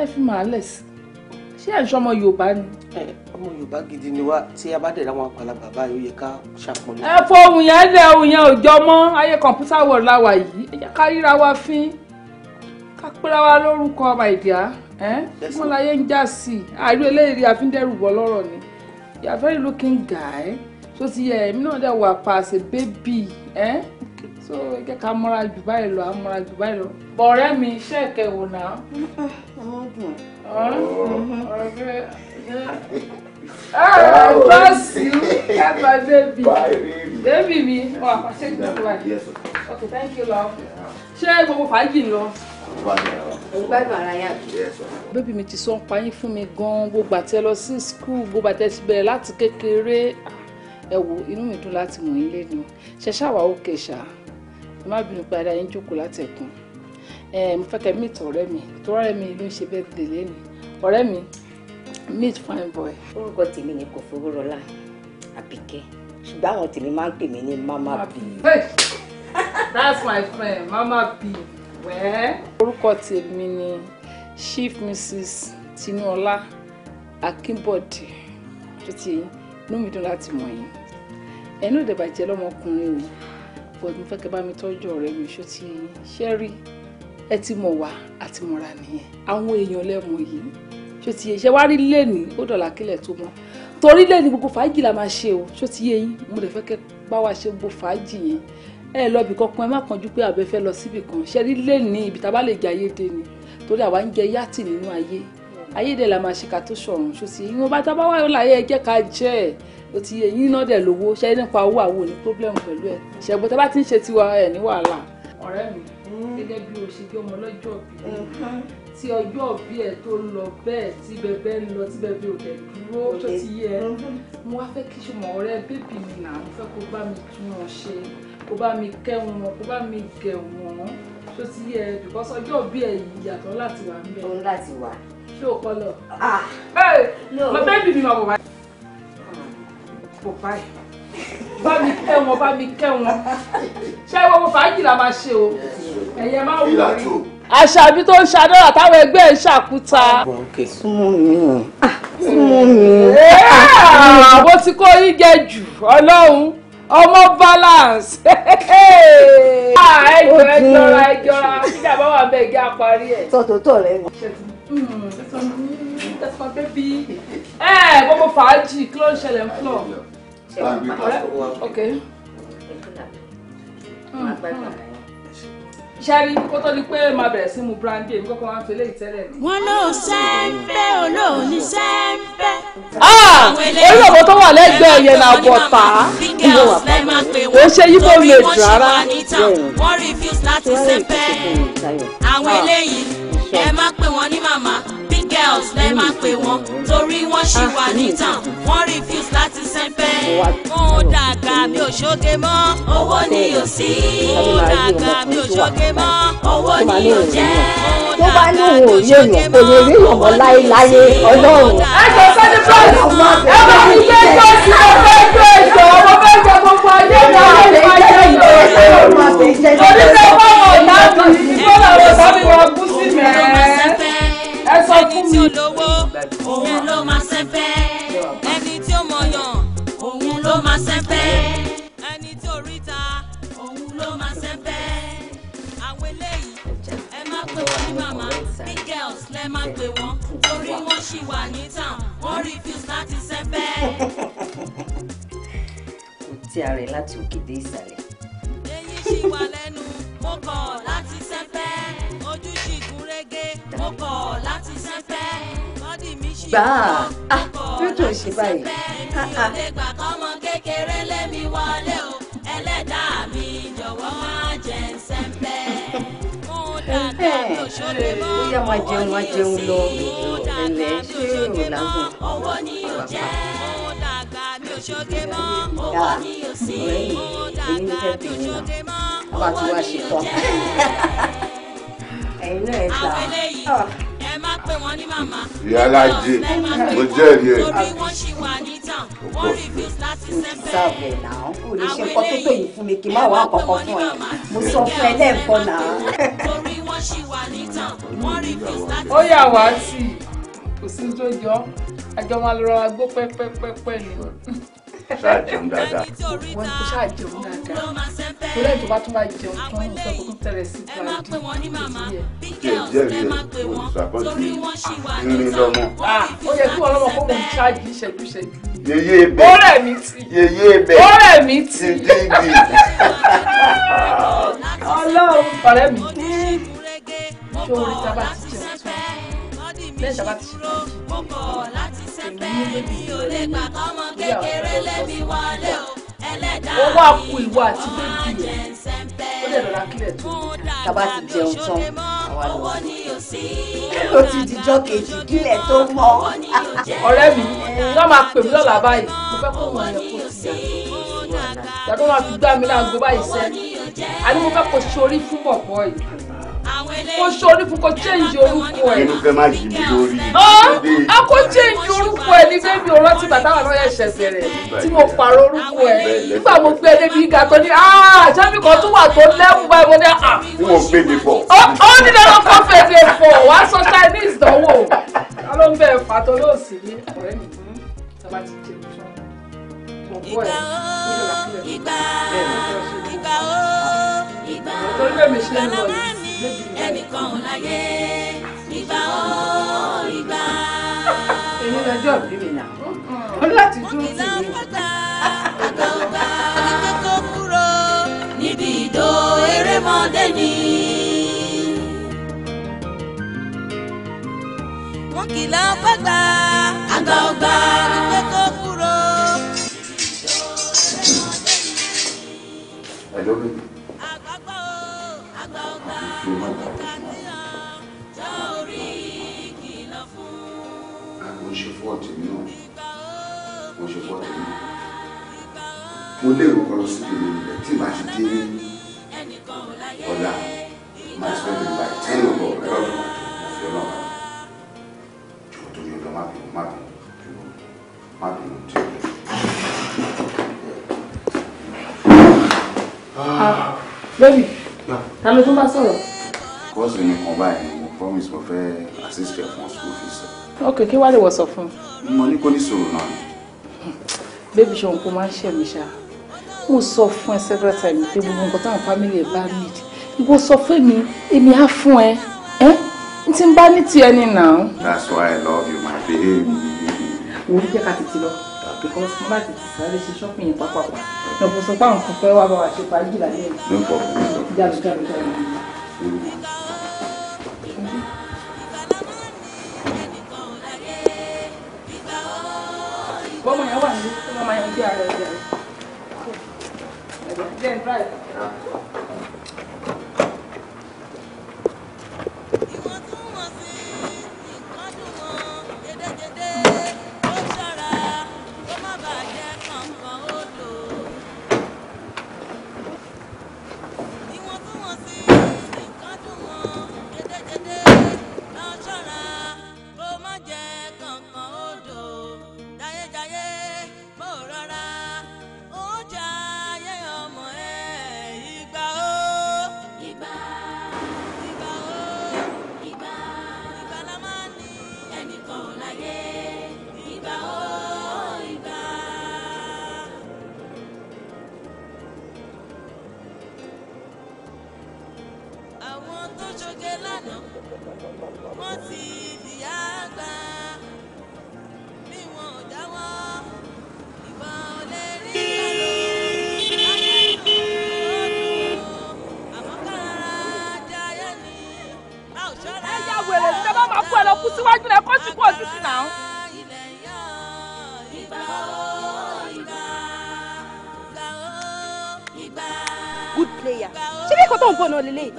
ẹ fi màá lẹ̀ sí ṣé ẹ̀ ń ṣọmọ yorùbá ni. ọmọ yorùbá gidi ni wá tí a bá dẹ̀rẹ̀ àwọn àgbàlagbà báyìí ó yẹ ká ṣàpọ̀lẹ̀. ẹ fọ ohun yẹn lẹ ohun yẹn ò jọ mọ ayé kọ̀ǹpútà wọ̀ láwa yìí ẹ jẹ́ ká ríra wa fín ká pẹ́ra wa lórúkọ my dear wọn láyé ń já sí i àìrí eléyìí àfíndẹ́rùbọ̀ lọ́rọ̀ ni you are very looking guy so ti yẹ ẹ̀mí náà dẹ̀ wà pa as a baby. Eh? so jẹ́ ká múra jù báyìí lọ á múra jù báyìí lọ. bọ̀rẹ́ mi iṣẹ́ ìkẹwò náà. ọmọ dùn. ọ̀rọ̀ bẹ́ẹ̀ ah bless you ever baby baby mi wà pàṣẹ ìdókòwò báyìí ok thank you love ṣé gbogbo fàájì lọ gbádùn ara yà tó. bébí mi ti sọ ń payín fún mi gan-an gbogbo àtẹ lọ sí skul gbogbo àtẹ ti bẹ̀rẹ̀ láti kékeré ah, ẹ wo inú mi dùn láti mọ̀ yín lẹ́nu ṣẹ̀ṣẹ̀ àwa ó kẹṣà ẹ má bínú pé ara yín jókòó láti ẹ̀kan mo fẹ́ kẹ́ meet ọ̀rẹ́ mi tó ọ̀rẹ́ mi ló ń ṣe birthday lẹ́nu ọ̀rẹ́ mi meet fine boy. orúkọ tèmi ni kò fowó rọlá àbíkẹ́ ṣùgbọ́n àwọn tèmi máa ń pè mí ní mama b. that's my friend mama b wẹ́ẹ́. orúkọ tèmi ni chief mrs tinuola akínbọ̀dé tó ti inú mi dùn láti mọ̀ yín ẹnu ìdẹ̀bàjẹ́ lọ́mọkùnrin mi but mo fẹ́ kẹ́ bá mi tọ́jú ọ̀rẹ́ mi ṣó ti ṣe rí ẹ ti mọ̀ wá àti mọ̀ra nìyẹn àwọn èèyàn lẹ́mọ yìí ṣó ti ṣe wá rí lẹ́nìí ó dọ̀là kílẹ̀ tó mọ́ torí lẹ́nìí gbogbo fàájì la máa ṣe o ṣó ti yẹ yín mo lè fẹ́ kẹ́ bá wa ṣe gbogbo fàájì yẹn ẹ lọ bì kankan ẹ má kánjú pé àbẹ fẹ́ lọ síbì kan ṣe rí lẹ́nìí ibi tá a bá lè jẹ ayé dé ni torí àwa ń jẹ yàtì nínú ayé ayédè la máa ṣìkà tó ṣọ̀run ṣòsì ìwọ̀n bá tá a bá wà láyé ẹjẹ́ ká jẹ́ ẹ̀ ó ti èyí náà dẹ̀ lówó ṣe nípa owó àwọn òní pọ́blẹ́mù pẹ̀lú ẹ̀ ṣẹ̀gbọ́n tá a bá ti ń ṣe tiwa ẹ̀ ní wàhálà. ọ̀rẹ́ mi gẹ́gẹ́ bí o ṣe jẹ́ ọmọ lọ́jọ́ bí tí ọjọ́ bí ẹ tó ń lọ bẹ́ẹ̀ tí bẹbẹ ń lọ tí bẹbẹ ò dẹ̀ dúró tó ti yẹ mo wá fẹ́ kí ṣùgbọ́n ọ̀rẹ́ bébì mi là ń fẹ́ kó bá mi tún wọn ṣe kó bá mi kẹ́ wọn kó bá mi gẹ̀ wọ́n tó ti yẹ bìkọ́sọ́ ọjọ́ bí ẹ yìí yàtọ̀ láti wà ń bẹ̀ show color. Ah. Hey, no. my baby be my Bọ̀bá ẹ̀. Bá mi kẹ́ wọn, bá mi kẹ́ wọn. Ṣé wọ́n fàájì la máa ṣe o? Ẹ̀yẹ máa wù mí. Àṣàbí tó ń ṣadọ́rà táwọn ẹgbẹ́ ẹ̀ ṣàkúta. Súnmọ́ mi o. Ah. Súnmọ́ mi o. Ah, bó ti kó yín jẹ jù, Ọlọ́run ọmọ balance. ẹjọ ẹjọra ẹjọra síbi àbáwọ̀ abẹ́gẹ́ àparí ẹ̀. tọ́tò that's my baby. ẹ gbogbo fàájì kí ló ń ṣẹlẹ̀ ń flọ. ṣẹ́rí kó tó di pé máa bẹ̀rẹ̀ sí mu brandy èmi kọ́kọ́ máa ń fẹlẹ́ ìtẹ́lẹ̀ ni. wọn ló sẹ́ńpẹ́ olóòní sẹ́ńpẹ́. orí ẹ má pè wọ́n ní màmá big girls lẹ má pè wọ́n torí wọ́n ṣì wà ní town wọ́n refuse láti sẹ́ńpẹ́. mo dàgbà mi ò ṣoge mọ́ owó ni yóò sí. mo dàgbà mi ò ṣoge mọ́ owó ni yóò jẹ́. tó bá ní òun ò yé èèyàn kò lè rí ìyànmọ́ láéláé ọlọ́run. ẹ jọ sẹ́ni fẹ́ẹ̀sì ẹ bá mi gbé fẹ́ẹ̀sì ẹ fẹ́ gbé ìjọ ọmọ fẹ́ jẹ gbogbo ayé ìjọ ọmọ fẹ́ jẹ ìjọ ọmọ fẹ́ jẹ ìjọ ọmọ fẹ́ jẹ ìjọ ọmọ fẹ́ jẹ ìjọ ọmọ fẹ́ jẹ ìjọ ọmọ fẹ́ jẹ ìjọ ọmọ fẹ́ jẹ ìjọ ọmọ fẹ́ jẹ ìjọ ọmọ fẹ́ jẹ ìjọ ọmọ fẹ́ jẹ ìjọ ọmọ fẹ́ jẹ ìjọ ọmọ fẹ́ jẹ ìjọ ọmọ fẹ́ jẹ ìjọ ọmọ fẹ́ jẹ ìjọ ọmọ fẹ́ jẹ ìjọ ọmọ fẹ́ jẹ ìjọ ọmọ fẹ́ jẹ ọmọ fẹ́ jẹ tó máa sẹ́pẹ́ ẹni tí ó lówó òun ló máa sẹ́pẹ́ ẹni tí ó mọ̀yàn òun ló máa sẹ́pẹ́ ẹni tí ó ríta òun ló máa sẹ́pẹ́ àwọn eléyìí ẹ má pè wọ́n ní màmá big girls lẹ má pè wọ́n torí wọ́n ṣì wà ní town wọ́n refuse láti sẹ́pẹ́. kò tí a rẹ̀ láti òkè dé ìsàlẹ̀. èyí ṣì wà lẹ́nu mo kọ̀ láti sẹ́pẹ́ mo kọ̀ láti ṣẹ́fẹ́ bọ́dì mi ṣì ń kọ́ ah, mo ah, kọ̀ ò lè gbà kọ́mọ kékeré lémi wọlé o ẹlẹ́dàá mi jọ̀wọ́ má jẹ́ ń mo dàgbà tó mọ́ owó ni ò sí mo dàgbà tó mọ́ owó ni ò jẹ́ mo dàgbà tó mọ́ owó ni ò sí mo dàgbà tó mọ́ owó ni ò jẹ́ ẹ̀yin náà ẹ sà. àwọn eléyìí ah. ẹ má pè wọ́n ní màmá. ìyá alájẹ mo jẹ́rìí ẹ̀. torí wọ́n ṣì wà ní town wọ́n refuse láti sẹ́fẹ̀ẹ́. sábẹ̀ náà kò lè ṣe nǹkan tó pè fún mi kí n má wá kọ̀ọ̀kan fún ẹ mo sọ fún ẹ lẹ́ẹ̀kan náà. torí wọ́n ṣì wà ní town wọ́n refuse láti sẹ́fẹ̀ẹ́. ó yà wá sí i kò sí ní tó jọ àjọ máa lọ ra gbó pẹ́pẹ́pẹ́pẹ́ ni ṣáà jẹun dáadáa. wọ́n kò ṣáà jẹun dáadáa kó lẹ́yìn tó bá tún bá jẹun tán ní ìfẹ́ kó tún tẹ̀lé sí ìgbà ìdí ìdí ẹ̀. ó jẹ́ ìjẹ́rìí ẹ̀ kò ṣàkóso ìrìn lọ́mọ. ó yẹ kí wọ́n lọ́mọ kó mọ̀ ṣáàjì ìṣẹ́jú ìṣẹ́jú. yeye ibẹ̀ ọ̀rẹ́ mi ti yeye ibẹ̀ ọ̀rẹ́ mi ti dídì. ọlọ́run ọ̀rẹ́ mi ṣé orin tábà ti jẹun bẹ́ẹ̀ sábà ti ṣe wọ́n wá ku ìwọ àti bèbí rẹ̀ ó lè rọra kílẹ̀ tó tàbá ti jẹun tán àwa lọ. ó ti dijọ́ kejì kílẹ̀ tó mọ́. ọ̀rẹ́ mi wọ́n máa pè mí lọ́la báyìí mo fẹ́ kó wọn yẹ kó ti yà. ìyá máa fi gbá mi láago báyìí sẹ́ àní mo fẹ́ kó ṣorí fún pọ̀pọ̀ kò sórí fún kò change orúkọ ẹ̀. ẹnu fẹ́ má yí mi lórí. a kò change orúkọ ẹ̀ ní bébí ọ̀rọ̀ tí bàtà wà lọ́yẹ̀ ṣẹ̀ bẹ̀rẹ̀ tí mo pààrọ̀ orúkọ ẹ̀ nígbà mo gbé débi ìgbà tó ní àṣàbí ah, kan tún wà tó lẹ́wù báyìí mo ní à. Ah, ah. tí mo fèdè bọ̀. ó ní lọ́wọ́ kó fèdè bọ̀ wá sọ Chinese dánwò. ká ló ń bẹ̀ fàtọ́ ló sì ní ọ̀rẹ́ mi fún sábà ti jẹun ìgbà ó ìgbà ó ìgbà ó ìgbà ó ìgbà ó ìgbà ó ẹnìkan ò láyé ìgbà ó ìgbà. èyí lọ́jọ́ bí mi nà ó láti dúró tì mí. ìlànà àgbà ọgbà nígbà tó kúrò níbi ìdó erémọdé ni. wọ́n kìlọ̀ fọ́gbà àgbà ọgbà. bọ́ tèmi náà mo ṣe bọ́ tèmi mo lé ìròkọ lọ sí ìlú rẹ tí màá ti dé ní ọ̀la màá ti fẹ́ẹ́ bá ten ọ̀bọ̀ ẹ̀rọ tó fi ọ̀nà wà jù tó yọ lọ má bínú má bínú má bínú tó ah, yọ. ta ló tún bá sọ̀rọ̀? Kọ́sì ni kan báyìí, mo promise mo fẹ́ assist ẹ̀ fún school fees ok kí wàá lè wọ̀ fún un. mo ní kó ní sòrò náà. bébí ṣe òun kò máa ń ṣe mí ṣá mo sọ fún ẹ several times pé gbogbo nǹkan táwọn family ẹ bá need ìwọ sọ fún mi èmi á fún ẹ ẹ n ti bá ní tiẹ ní nà that's why i love you my baby. wò ó jẹ́ ká tètè lọ because má tètè sáré ṣe shopping yẹn pápápá lọ́pọ̀ sọ pé àwọn kan fẹ́ wá bá wa ṣe fàájì lálẹ́ yìí. no mm. bọ́mọ yẹn wà ní ọmọ yẹn gbé ara ẹ̀ jẹ́ ẹ̀ jẹ́ ń báyìí. lè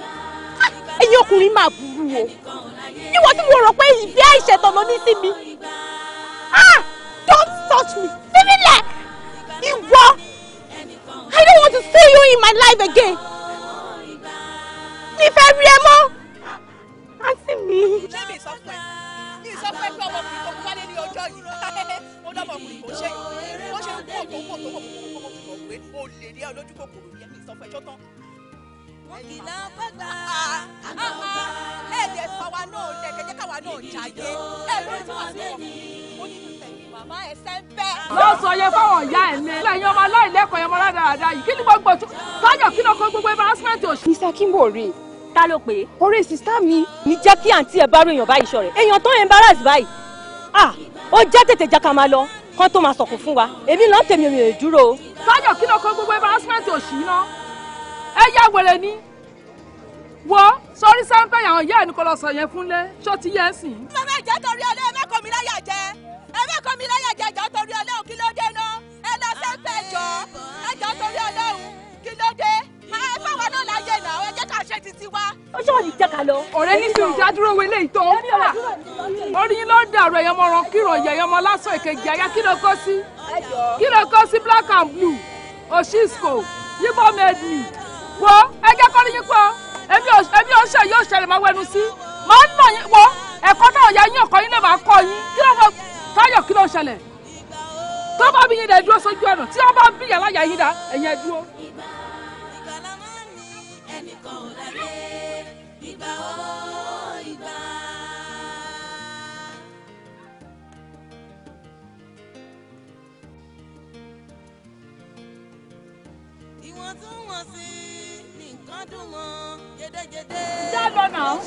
ah, ẹ̀yin ọkùnrin máa burú o ìwọ tí mo rò pé ìfẹ́ àìṣẹ̀tàn ló ní sí òre ta ló pè é òre sista mi ní jẹ́ kí àǹtí ẹ̀ bá rú èèyàn báyìí ṣọ̀rẹ́ èèyàn tó embarrass báyìí ah ó já tètè já ká máa lọ kán tó máa sọ̀kò fún wa èmi náà tèmi ò lè dúró. sáyọ̀ kí ló kó gbogbo embarrassment òṣì iná ẹ yá wèrè ni wọ sọrí sáńpẹ́ àwọn ìyá ẹ̀ ní kò lọ sọ yẹn fúnlé ṣó ti yẹ ẹ sìn. bàbá ìjà torí ọlẹ́ ẹ mẹ́kọ̀ọ́ mi láyà jẹ ẹ mẹ́kọ̀ọ́ mi láyà jẹ ìjà torí ọlẹ́ òkìlódé náà ẹ lọ sẹ́ńpẹ́ jọ ẹ jọ torí ọlẹ́ òun ẹ fáwọn náà láyé nà ẹ jẹ́ ká ṣe títí wá. ó ṣọ́ọ̀nì jẹ́ ká lọ. ọ̀rẹ́ ní sùn ìdádúró wọlé ìtọ́ ń fà orí yín ló ń dàrú ẹ̀yọ́mọ ran kírọ̀ yẹ̀yọ́mọ lásán ìkejì àyà kí ló kó sí kí ló kó sí black and blue oshisco yíbọn made me wo ẹ jẹ́ kọ́ ní yín pọ̀ èmi ò ṣe yóò ṣẹlẹ̀ máa wẹnu sí máa ń nà yín wọ ẹ̀kọ́ táwọn ìyá yín ọkọ yín náà máa kọ́ yín kí ló táyọ̀ kí ló ṣẹlẹ̀ tó bá bí yín ẹnìkan ò láyé ìgbà ó ìgbà. ìwọ̀ntúnwọ̀nsì nìkan dùn wọ́n gédégédé. ìyá lọ nà ó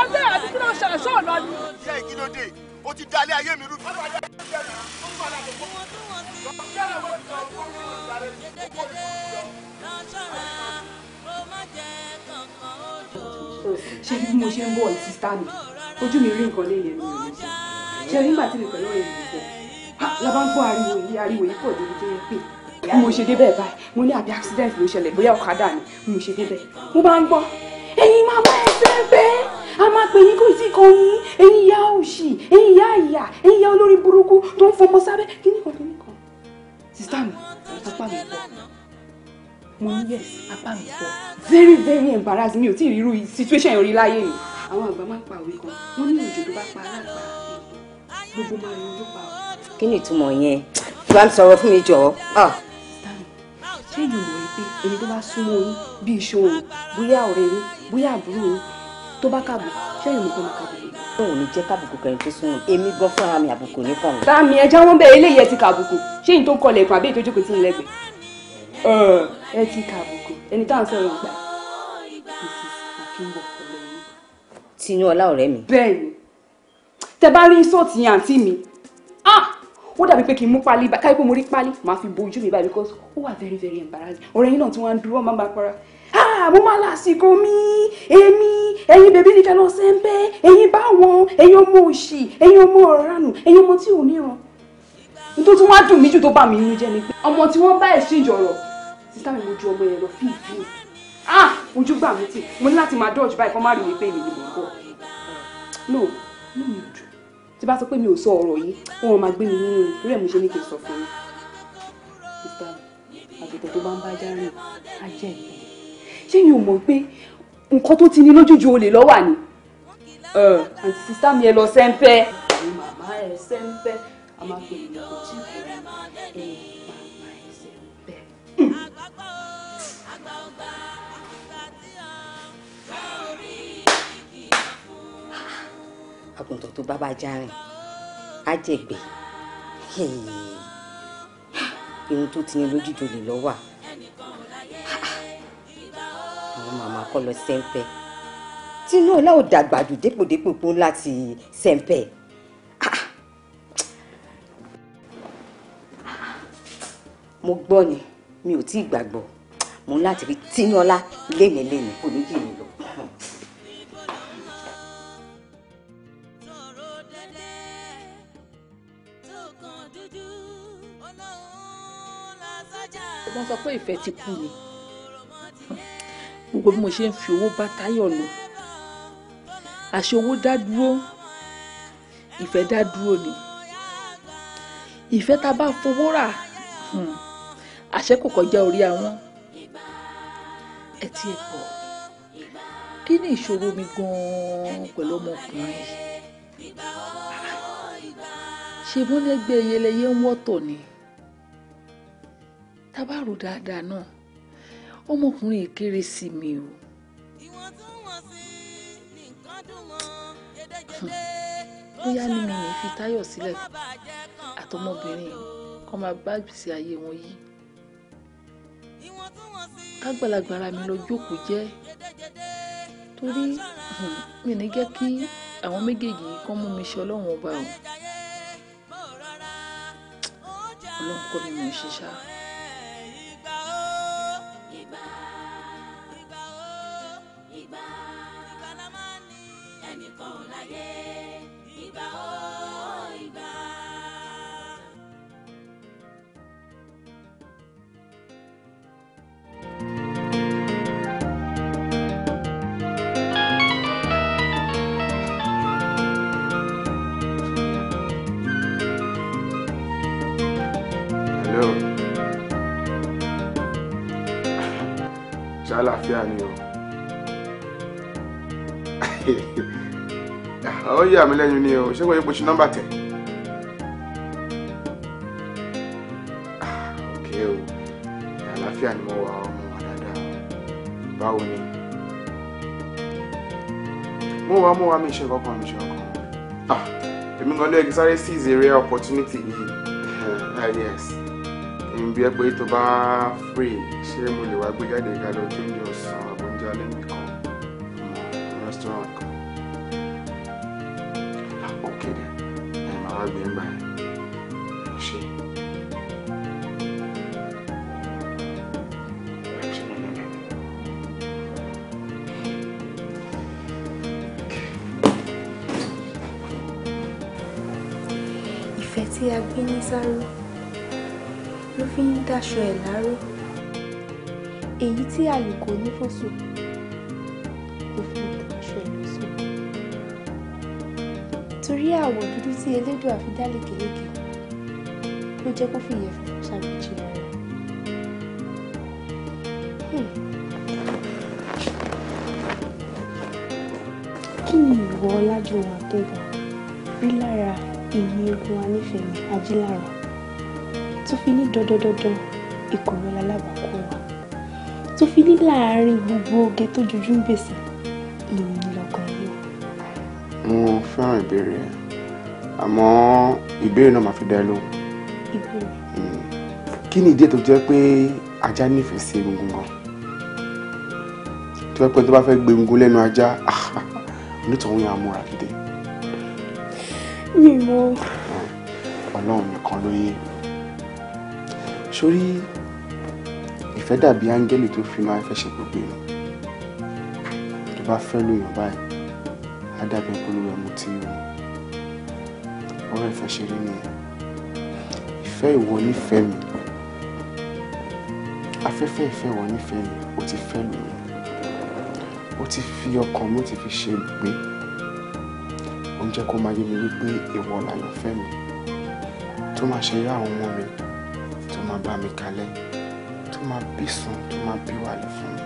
ọdẹ àti kí ló ṣẹlẹ̀ ṣọ́ọ̀ lọ ni. ìyá ìkílódé o ti dalé ayé mi rú. ìwọ̀ntúnwọ̀nsì nìkan dùn wọ́n gédégédé lọ́ṣọ́ra ṣe bí mo ṣe ń bọ̀ sísá mi ojú mi rí nǹkan léyìn ẹni òní ṣe nígbà tí mi pẹ̀lú ọ̀rẹ́ mi bọ̀ lọ́ba ń gbọ́ ariwo yìí ariwo yìí pọ̀ débi tó yẹ pé bí mo ṣe débẹ̀ báyìí mo ní àbí accident ló ṣẹlẹ̀ bóyá ọ̀kadà ni bí mo ṣe débẹ̀ mo bá ń gbọ́ ẹ̀yin máa máa ẹsẹ̀ fẹ́ a máa pè yín kò sí kan yín ẹ̀yin ìyá òṣì ẹ̀yin ìyá ìyá ẹ̀yin ìyá olórí burúkú tó ń fọmọ sábẹ́ kíníkan kíníkan sísá mi mi bọ̀ mo ní yes apá mi fọ́ very very embarrassed mi ò tí ì rírú situation orí láyé mi àwọn àgbà máa ń pa òwe kan wọ́n ní òjò tó bá pa aláàgbà gbogbo máa rí ojú pa ọ. kí ni ìtumọ̀ yẹn tí wàá sọ̀rọ̀ fún mi jọ̀ọ́. Ah. ṣé yorùbá ẹ pé èyí tó bá súnmọ́ yín bí iṣan òun bóyá ọ̀rẹ́ yín bóyá àbúrò yín tó bá kàbù ṣé yorùbá máa kàbù yín. òun ò ní jẹ́ kábùkù kẹrin tó súnmọ́ èmi gan fúnra mi àbùkù ní fún mi. sáàmì ẹja wọn bẹ eléyìí ẹ ti kàbùkù ṣé yìí tó kọlẹ̀ ẹ̀kọ́ àbí ètò ìjókòó tí ń lẹ́gbẹ̀ẹ́. Eh, ẹ ti kàbùkù ẹni tá à ń sọ̀rọ̀ nípa mrs akínbọ̀ ọ̀rẹ́ mi. tinú ọlá ọ̀rẹ́ mi. bẹ́ẹ̀ni tẹ bá rí sọọtì yẹn àǹtí mi ah! ó dàbí pé kí n mú pálí káyọ̀ pé mo rí pálí màá fi bo mi báyìí because ó wà very very embarrassing ọ̀rẹ́ yín náà tí wọ́n á dúró máa ń bá para ah! mo máa lásìkò mi èmi ẹ̀yin bèbí ní kẹlọ sẹńpẹ ẹ̀yin báwọn ẹ̀yin ọmọ òṣì ẹ̀yin ọmọ ọranù ẹ̀yin ọmọ tí ò níran nítorí tí wọ́n á dùn mí jù tó bà mí nínú jẹ́ ni pé ọmọ tí wọ́n bá ẹ sí ìjọrọ sísá mi mojú ọmọ yẹn lọ fífi ah ojú gbà mí tì mo ní láti máa dodge báyìí kó má rí mi pé èmi ni mò ń bọ̀ no inú mi ò dùn tí bá sọ pé mi ò sọ ọ̀rọ̀ yìí wọn máa gbé mi nínú torí ẹ̀ mo ṣe ní kí n sọ fún yín sísá àtẹ̀tẹ̀ tó bá ń bá járè á jẹ́ ìpín ṣé mi ò mọ̀ pé nǹkan tó ti ní lójúju olè lọ wà ní àǹtí sísá mi ẹ lọ sẹ́ńpẹ́. màmá ẹ sẹ́ńpẹ́ a máa pè é ní kò tí kò rí àgùntàn tó bá bá já rìn á jẹ̀gbẹ́ irun tó ti yan lójúdo lè lọ́ wà àwọn màmá kọ́ lọ sẹ́ńpẹ́ tinú ọlá ò dàgbà jù dépòdépò kún láti sẹ́ńpẹ́. mo gbọ́ ni mi ò tí ì gbàgbọ́ mo ń láti rí tinú ọlá lémi lémi kò ní kí n lọ. wọ́n sọ pé ìfẹ́ ti kú ni gbogbo bí mo ṣe ń fi owó bá Táyọ̀ lò àṣé owó dá dúró ìfẹ́ dá dúró ni ìfẹ́ tá a bá fowó rà hmm, àṣé kò kọjá orí àwọn ẹ ti ẹ̀ pọ̀ kí ni ìṣòro mi gan-an pẹ̀lú ọmọkùnrin yìí ṣe mọ́lẹ́gbẹ́ yẹlẹyẹ ń wọ́tọ̀ ni tábà rò dáadáa náà ọmọkùnrin ìkéré sí mi o. bóyá ni mi ní fi Táyọ̀ sílẹ̀ àtọmọbìnrin kọ́ máa bá gbèsè ayé wọn yìí kágbàlagbàra mi lọ jókòó jẹ́ torí mi ní jẹ́ kí àwọn méjèèjì kán mú mi ṣe ọlọ́run ọba o ọlọ́run kọ́ mi mọ̀ ṣe ṣáá. àlàáfíà ni o ó yà mí lẹ́nu ni o ṣé kò yẹ kó ṣe nọ́mbà tẹ̀. ok o àlàáfíà ni mo wà ọmọ wa dáadáa báwo ni mo wà mo wà mí ṣe kankan mi ṣe ah èmi gan ló yẹ kí sáré seize eré opportunity yìí ah, yes ń bí ẹ pé tó bá free ṣé mo lè wá gbé jáde ká lọ tó ń jọ sàn àbújá lẹ́nu kan restaurant kan òkè rẹ̀ ẹ̀ máa wá gbé ń gbà ṣe. ìfẹ́ tí a gbé ní sáré fi ń daṣọ ẹ̀ láró èyí tí ayò kò ní fọ́sùn ló fi ń daṣọ ẹ̀ lọ́sùn torí àwọ̀ dúdú tí elédùà fi dá lékeleke ló jẹ́ kó fìyẹ̀ fún ṣàgbéjì rẹ̀. Hmm. kí ni ìwọ ọlájú wa tó wà rí lára ìlú egun anífẹ̀mí ajílára? tó fi ní dandandandan ìkòrò alábàákú wa tó fi ní láàárín gbogbo oge tó jojú ń gbèsè ìyìn yìí. mo fẹ́ràn ìbéèrè ẹ̀ àmọ́ ìbéèrè náà máa fi dá ẹ lóhùn. ìbéèrè. Hmm. kí ni ìdí ètò jẹ́ pé ajá nífẹ̀ẹ́ sí egungun gan tí wọ́n pẹ́ tó bá fẹ́ gbé egungun lẹ́nu ajá onítọ̀hún yẹn á múra gidi. mi mọ̀. Hmm. ọlọ́run nìkan ló yé sórí ìfẹ́ dàbí áńgẹ́lì tó fi máa fẹ́ ṣe gbogbo èèyàn tó bá fẹ́ lóyún báyìí á dàbí ìpolówó ẹmu tí ó ọ̀rọ̀ ìfẹ́ ṣe rí nìyẹn ìfẹ́ ìwọ nífẹ̀ẹ́ mi afẹ́fẹ́ ìfẹ́ ìwọ nífẹ̀ẹ́ mi ó ti fẹ́ lóyún ó ti fi ọkàn mi ó ti fi ṣe gbé ó ń jẹ́ kó máa yé mi wípé ìwọ làyànfẹ́ mi tó máa ṣe rí àwọn ọmọ mi máa bá mi kalẹ̀ tó máa bí sùn tó máa bí wàlẹ̀ fún mi.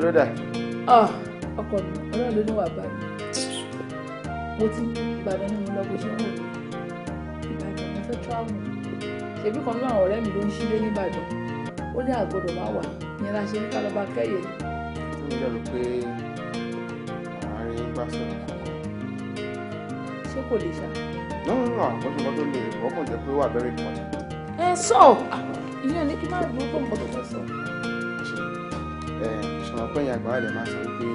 ló dà. Ah, ọkọ mi ọlọ́run ló ní wà báyìí mo ti ìbàdàn ní mo lọ bó ṣe ń wò ìbàdàn mo fẹ́ travel ṣèbí kan náà àwọn ọ̀rẹ́ mi ló ń ṣílé nìbàdàn ó ní àgbọ̀dọ̀ má wà ìyẹn la ṣe ń ká lọ bá kẹ́yẹ. ó ń dẹ̀rù pé àárín bá sọ̀rọ̀ kankan. ṣé kò lè ṣá. lọ́wọ́ náà àkọsílẹ̀ tó lè ọkàn jẹ́ pé wà bẹ́rẹ̀ ìpọ́n. ẹ sọ ilé ah, ní kí n má dúró tó fẹ́ sọ pé ìyá àgbà rẹ̀ máa sọ wípé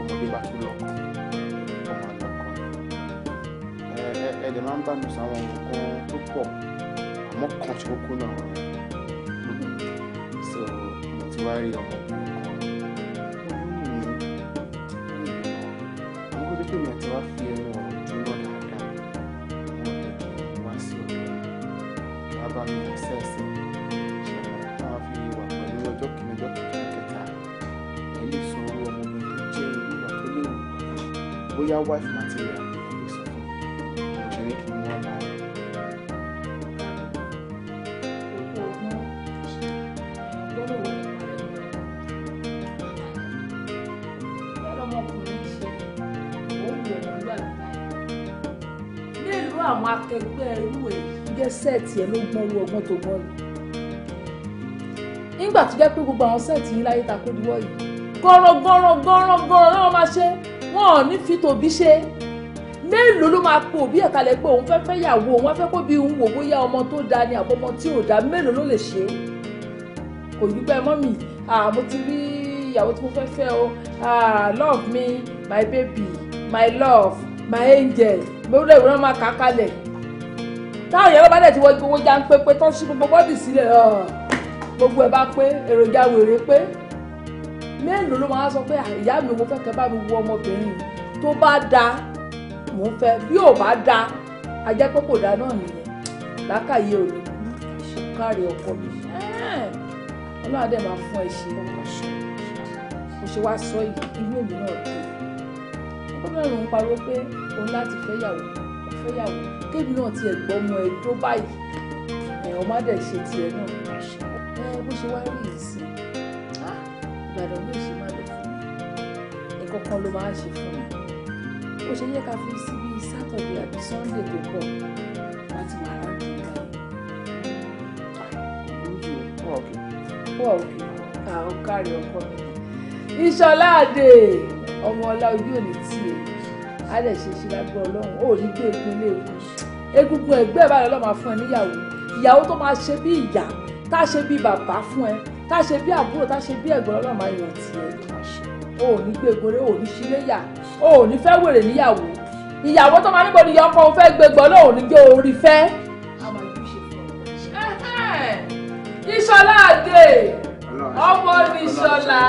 ọmọdé bá tó lọ́kọ̀ ọmọ àlọ́kọ̀ ẹ̀ẹ́dẹ̀ máa ń bá mi sọ àwọn nǹkan tó pọ̀ àmọ́ kan ṣe kókó náà so mo ti wá rí ọmọkùnrin. wife material ló sọ fún mi mo ṣe ní kí n wọ́n bá rẹ̀. àwọn akẹgbẹ́ irú èyí jẹ́ sẹ́ẹ̀tì ẹ̀ ló gbọ́n owó ọgbọ́n tó gbọ́n yìí nígbà tó jẹ́ pé gbogbo àwọn sẹ́ẹ̀tì yìí láyé ta kó diwọ́ yìí gọ́rọ̀ gọ́rọ̀ gọ́rọ̀ gọ́rọ̀ náà máa ṣe é wọn ò ní fi tòbí ṣe mélòó ló máa po òbí ẹ̀ka lẹ́gbẹ́ òun fẹ́ fẹ́ yàwó òun wọ́n fẹ́ kó bí òun wò bóyá ọmọ tó da ni àbọ̀ ọmọ tí ò da mélòó ló lè ṣe é kò yí pẹ́ mọ́mì mo ti rí ìyàwó tí mo fẹ́ fẹ́ o love me my baby my love my angel gbogbo ìwé náà máa kà á kalẹ̀ táwọn ìyàwó bá dẹ̀ ti wọ gbogbo já ń pé pé tó ń ṣe gbogbo bọ́dì sílẹ̀ gbogbo ẹ̀ bá pé èròjà wèrè pé mélòó ló máa sọ pé ah, ìyá mi mo fẹ́ kẹ́ bá mi wo ọmọbìnrin tó bá da mo fẹ́ bí ò bá da ajẹ́ pé kò da náà nìyẹn lákàyè òní kárí ọkọ mi ọlọ́run dẹ̀ máa fún ẹ ṣe mo ṣe wá sọ inú èmi náà tó ọkọ náà ló ń pariwo pé òun láti fẹ́ yàwó fẹ́ yàwó kébi náà tiẹ̀ gbọ́ ọmọ ẹ tó báyìí ẹ̀ ọmọ dẹ̀ ṣe tiẹ̀ náà bó ṣe wá rí ìsìn ìbàdàn ní ìṣe má lò fún mi ẹ̀kọ́ kan ló máa ṣe fún mi ó ṣe yẹ ká fi síbi sátọ̀dẹ̀ àbí sọ́ndè tó pọ̀ láti máa rà ah, kí n ká ojú pọ̀ òkè pọ̀ òkè àwọn kárí ọkọ mi ìṣọlá àdè ọmọ ọlá ojú òní tiẹ̀ á dẹ̀ ṣe ṣe lágbó ọlọ́run ó ní gbé egun ilé egun egungun ẹgbẹ́ ìbáraẹlọ́ọ̀ máa fún ẹ níyàwó ìyàwó tó máa ṣe bí ìyá tá a ṣe bí bàbá fún ẹ tá a ṣe bí àbúrò tá a ṣe bí ẹ̀gbọ́n ọlọ́run máa yàn tiẹ̀ o ò ní gbégbóré o ò ní ṣíléyà o ò ní fẹ́ wèrè níyàwó ìyàwó tó máa níbo ni ọkọ òun fẹ́ gbégbọ́ lóun ní gbé orí fẹ́. ìṣọlá àdè ọmọ ní ìṣọlá.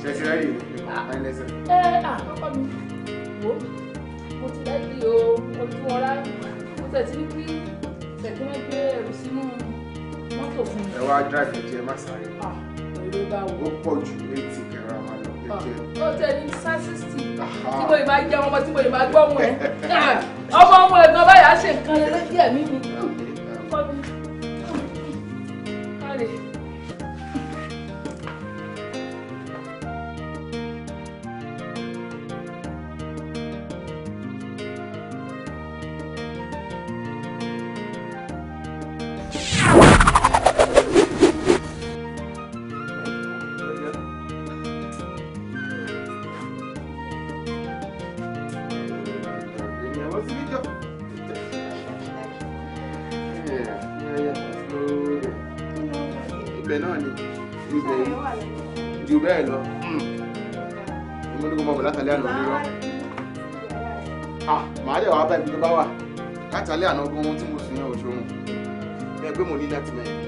ṣe ti rẹ́ẹ̀dì ẹ̀ẹ́dẹ́sẹ̀. Ah. ẹ mo ti rẹ́ẹ̀dì o mo tẹ̀ sí ní pí tẹ̀kí mẹ́gbẹ́ ẹ̀rù sínú mọ́tò fún mi. ẹ wá drive ẹjẹ má sáré. ó pọ̀ ju eighty kẹrẹ àwọn àlọ́ ẹjẹ. ó tẹ ní sásìsì tí mo ìbá jẹun ọmọ tí mo ìbá gbọ́ ọmọ ẹ ọmọ ọmọ ẹ̀ báyà ṣe nǹkan lẹ́lẹ́dí ẹ̀mí mi. ibẹ̀ náà ni ibẹ̀ ju bẹ́ẹ̀ lọ ìmọ̀ ní kò mọ̀ bọ̀ látàlẹ́ àná onírọ́ ah, màá dẹ̀ wá bá ibi tó bá wà látàlẹ́ àná ogun ohun tí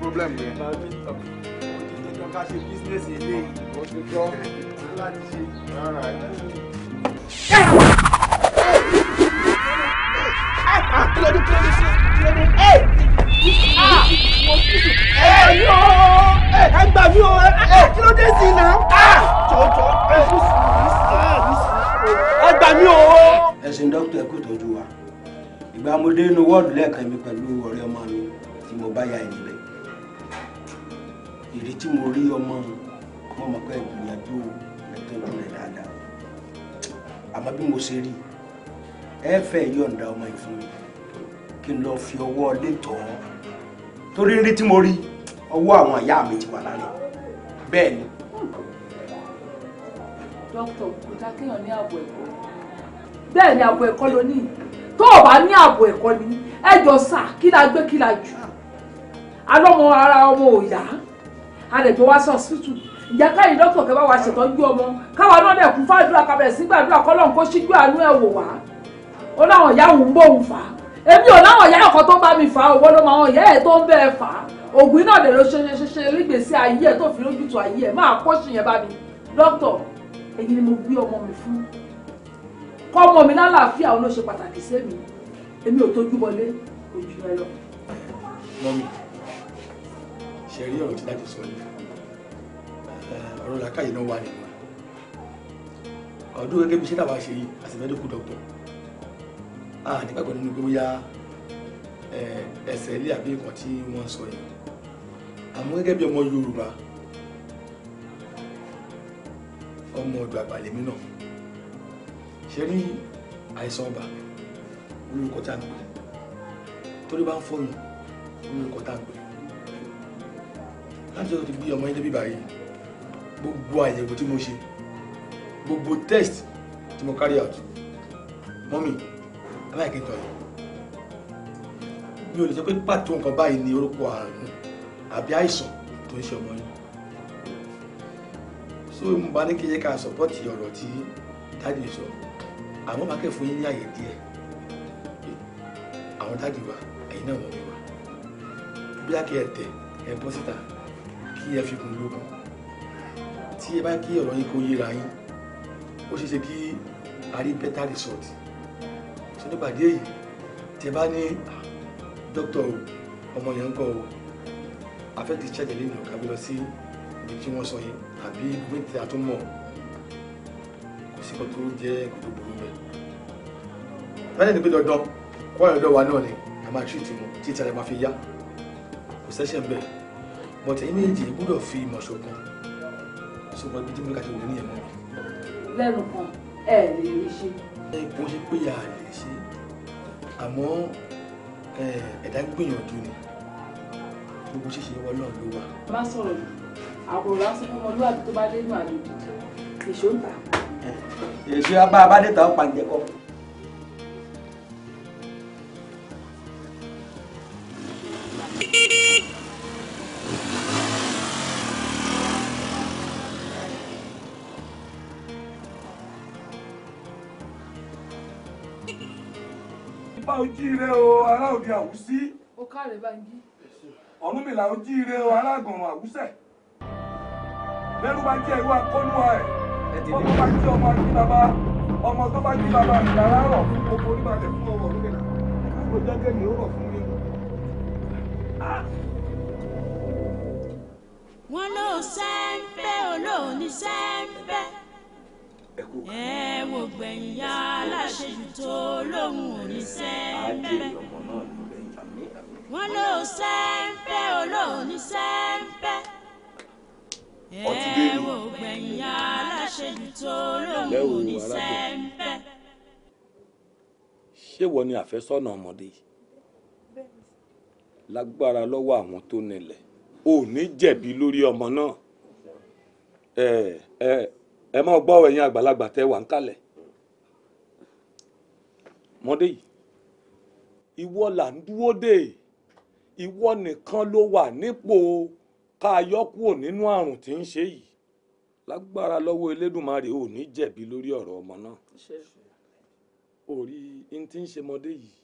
problem yẹn. ó ti jọ ká yìí ó ti jọ. láti ṣe. ọmọ mo mọ̀ pé ìgbìyànjú ẹ̀tọ́ rẹ̀ dáadáa àmọ́ bí mo ṣe rí ẹ fẹ́ yọ̀ǹda ọmọ yìí fún mi kí n lọ fi ọwọ́ lè tọ́ torí rí tí mo rí ọwọ́ àwọn ìyá mi ti wà lálẹ́ bẹ́ẹ̀ ni. dókítà kò dá kéèyàn ní ààbò ẹ̀kọ́ bẹ́ẹ̀ ni ààbò ẹ̀kọ́ ló ní tó o bá ní ààbò ẹ̀kọ́ ni ẹ jọ sà kí la gbé kí la jù alọ́mọ ara ọmọ ò yá a lè jọ wá sọ síìtù ìjà káyìí dókítà kẹ́ bá wa ṣètọ́jú ọmọ káwa náà dẹ̀ kú fàdúrà kábẹ̀ sí gbàdúrà kọ́lọ́n kó ṣíjú àánú ẹ̀ wò wá ó láwọn ìyá òun bóun fà á èmi ò láwọn ìyá ọkọ tó bá mi fà á òwò ló máa wọn ìyá ẹ̀ tó ń bẹ́ẹ̀ fà á ògùn náà lè lọ ṣe ṣe ṣe rígbèsè ayé ẹ̀ tó fi lójútu ayé ẹ̀ máa kó ṣìyẹn bá mi dókítà èyí ni mo gbé ọmọ mi fún kọ́ ọmọ mi lálàáfíà ó ló ṣe pàtàkì sẹ́mi èmi ò tójú wọlé òjò ẹ lọ. mọ́mí ṣe rí ọ̀rọ̀ tí dájú sọ ni ọ̀rọ̀ làkàyè náà wà nínú ọdún gẹ́gẹ́ bí ṣé tàbá ṣe yìí àti medical doctor a nígbàgbọ́ nínú pé bóyá ẹsẹ̀ ilé àbí nǹkan tí wọ́n sọ yìí àmọ́ gẹ́gẹ́ bí ọmọ Yorùbá ọmọ ọ̀dọ̀ àgbàlẹ̀ mi náà ṣe rí àìsàn ọba olórúkọ tá à ń pè torí bá ń fọyín olórúkọ tá à ń pè láti ọdún bí ọmọ yín débi báyìí gbogbo àyẹ̀wò tí mo ṣe gbogbo test tí mo carry out mọ́mì aláìkí tọ̀ yìí mi ò lè sọ pé pàtó nǹkan báyìí ni orúkọ àrùn àbí àìsàn tó ń ṣe ọmọ yín so mo bá ní kí yẹ ká sọpọ́tì ọ̀rọ̀ tí dájú sọ àmọ́ máa kẹ́ fún yín ní àyè díẹ̀ àwọn dájú wa ẹ̀yin náà wọ́n mi wá bí a kẹ́ ẹ̀ tẹ̀ ẹ̀ bọ́ síta kí ẹ fi kùn lókun tí ẹ bá kí ọ̀rọ̀ yín kó yéra yín ó ṣeé kí a rí better result tó nípa díẹ̀ yìí tẹ bá ní dókítà ọmọ yẹn ń kọ o afẹ́ ṣẹ̀jẹ̀ lẹ́nu kàbí lọ sí ibi tí wọ́n sọ yẹn àbí ibi tí a tún kò sí kan tó jẹ́ nǹkan burú bẹ́ẹ̀. báyìí ni dandan kọ́ ọ̀rọ̀ lọ́wọ́ náà ni a máa tírìtì wọn títí ara máa fi yá kò sẹ́sẹ̀ bẹ́ẹ̀ but ẹ̀yin méjì gbúdọ̀ fi ìmọ̀ ṣọ̀kan ṣùgbọ́n ibi tí mo ní ká ṣe wò ní ẹ̀mọ́ mi. lẹ́nu kan ẹ lè rí ṣe. ẹ kò ṣe pé a lè ṣe àmọ́ ẹ̀dá gbìyànjú ni gbogbo ṣíṣe wọn náà ló wà. má sọ̀rọ̀ jù àpò lásán fún ọmọlúwàbí tó bá dé nù àlejò èso ń ta. èso abá abádẹ́ta ọ̀pá ìjẹ́kọ̀ọ́. ojíire o ará òde àwùsí. ó káre báyìí. ọ̀rúnmìlà ojíire o ará àwùsẹ̀. lẹ́rú jẹ́ ìwà kọ́lúwa ẹ̀ ọmọ bá jẹ́ ọmọ àti bàbá ọmọ tó bá jí bàbá mi lára rọ̀ fún gbogbo oníbàdàn fún ọwọ́ ọ̀rúnmìlà ló jẹ́ kẹ́mi ó rọ̀ fún mi. Ah. wọ́n ló sẹ́ńpẹ́ olóòní sẹ́ńpẹ́. ẹ wò gbẹ̀yìn yá aláṣejù tó lóun ò ní sẹ́ńpẹ́. wọ́n ló sẹ́ńpẹ́ olóhùn ní sẹ́ńpẹ́. ẹ wò gbẹ̀yìn yá aláṣejù tó lóun ò ní sẹ́ńpẹ́. ṣé wọ́n ni àfẹ́sọ́nà ọmọdé lágbára lọ́wọ́ àwọn tó nílẹ̀ ò ní jẹ̀bi lórí ọmọ náà ẹ máa gbọ́ ẹ̀yin àgbàlagbà tẹ́ wà ń kalẹ̀ mọ́dé yìí ìwọ là ń dúró dè ìwọ nìkan ló wà nípò ká yọ kúrò nínú àrùn tí ń ṣe yìí lágbára lọ́wọ́ Elédùmarè ò ní jẹ̀bi lórí ọ̀rọ̀ ọmọ náà orí n tí ń ṣe mọ́dé yìí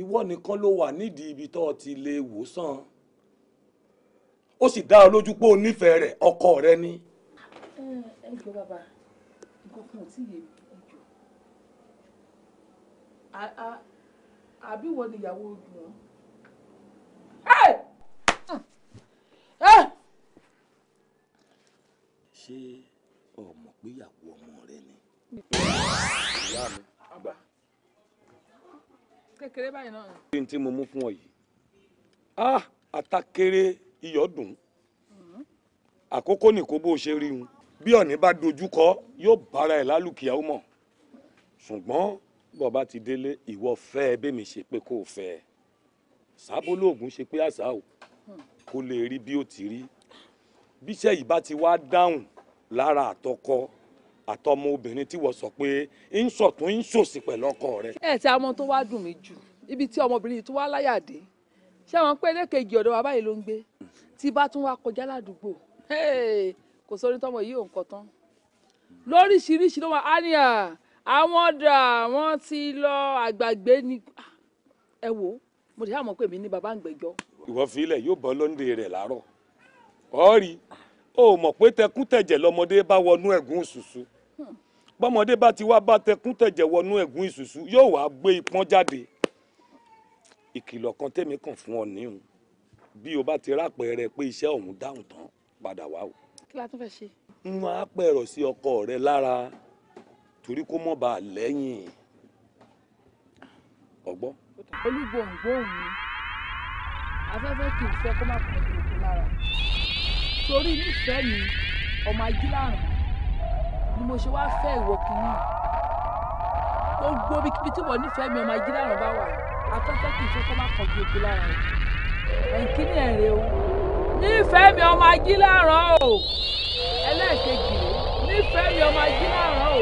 ìwọ nìkan ló wà nídìí ibi tó ti lè wòsàn ó sì dá ọ lójú pé o nífẹ̀ẹ́ rẹ̀ ọkọ rẹ ni ẹ jọ bàbá nǹkan kan ò tí ì yé mi ẹ jọ àbí wo ni ìyàwó Juwọ́n. ṣé o mọ̀ pé ìyàwó ọmọ rẹ ni. ìyá mi gbà. kékeré báyìí náà. kí n tí mo mú fún ọ yìí àtàkèrè ah! iyọ̀ dùn mm-hmm. àkókò nìkó bó ṣe rí wọn bí ọ̀ní bá dojúkọ yóò bára ẹ̀ lálùkìyà ó mọ̀ ṣùgbọ́n bó bá ti délé ìwọ fẹ́ ẹ bẹ́ẹ̀ mi ṣe pé kò fẹ́ ẹ sábólóògùn ṣe pé àṣà ò kó lè rí bí ó ti rí bíṣẹ́ yìí bá ti wá dáhùn lára àtọkọ àtọmọ obìnrin tí wọ́n sọ pé ń sọ̀tún ń sòsì pẹ̀lú ọkọ rẹ̀. ẹ ti àwọn tó wá dùn mí jù ibi tí ọmọbìnrin tó wá láyà ṣé àwọn pé lẹ́kẹ̀jì ọ̀dọ̀ wa báyìí ló ń gbé tí bá tún wá kọjá ládùúgbò kò sórí tọmọ yìí ò ń kọ tán lóríṣiríṣi ló wà á ní à àwọn ọ̀dà àwọn ti lọ àgbàgbé ni ẹ wò mo ti àmọ́ pé mi ní baba ń gbẹ́jọ́. ìwọ fílẹ̀ yóò bọ́ lóńdè rẹ̀ láàárọ̀ ọ̀rí o mọ̀ pé tẹkùntẹ̀jẹ̀ lọmọdé bá wọnú ẹ̀gún ìṣùṣù bọ́mọdé bá ti wá bá tẹkùntẹ̀jẹ̀ wọnú ẹ̀gún ìṣùṣù yóò wá gbé ipọ́n jáde ìkìlọ̀ kan tẹ́mi kàn fún ọ níhùn bí o bá ti rápẹ̀rẹ̀ pé iṣẹ́ ọ̀hún dáhùn tán padà wá o kí la tún fẹ́ ṣe. n wá pẹ̀rọ̀ sí ọkọ rẹ lára torí kó mọ̀ bá a lẹ́yìn ọgbọ́. olúgbòǹgbòǹ mi afẹ́fẹ́ kì í fẹ́ kó má pọ̀ lóko lára torí nífẹ̀ẹ́ mi ọmọ ajílárùn ni mo ṣe wáá fẹ́ ìwọ kìíní gbogbo ibi tí wọ́n nífẹ̀ẹ́ mi ọmọ ajílárùn bá wà afẹ́fẹ́ kì í fẹ́ kó má pọ̀ lóko lára ẹ̀ kí ni ẹ̀rẹ́ o nífẹ̀ẹ́ mi ọmọ ajíláràn o ẹlẹ́ẹ̀kejì rẹ̀ nífẹ̀ẹ́ mi ọmọ ajíláràn o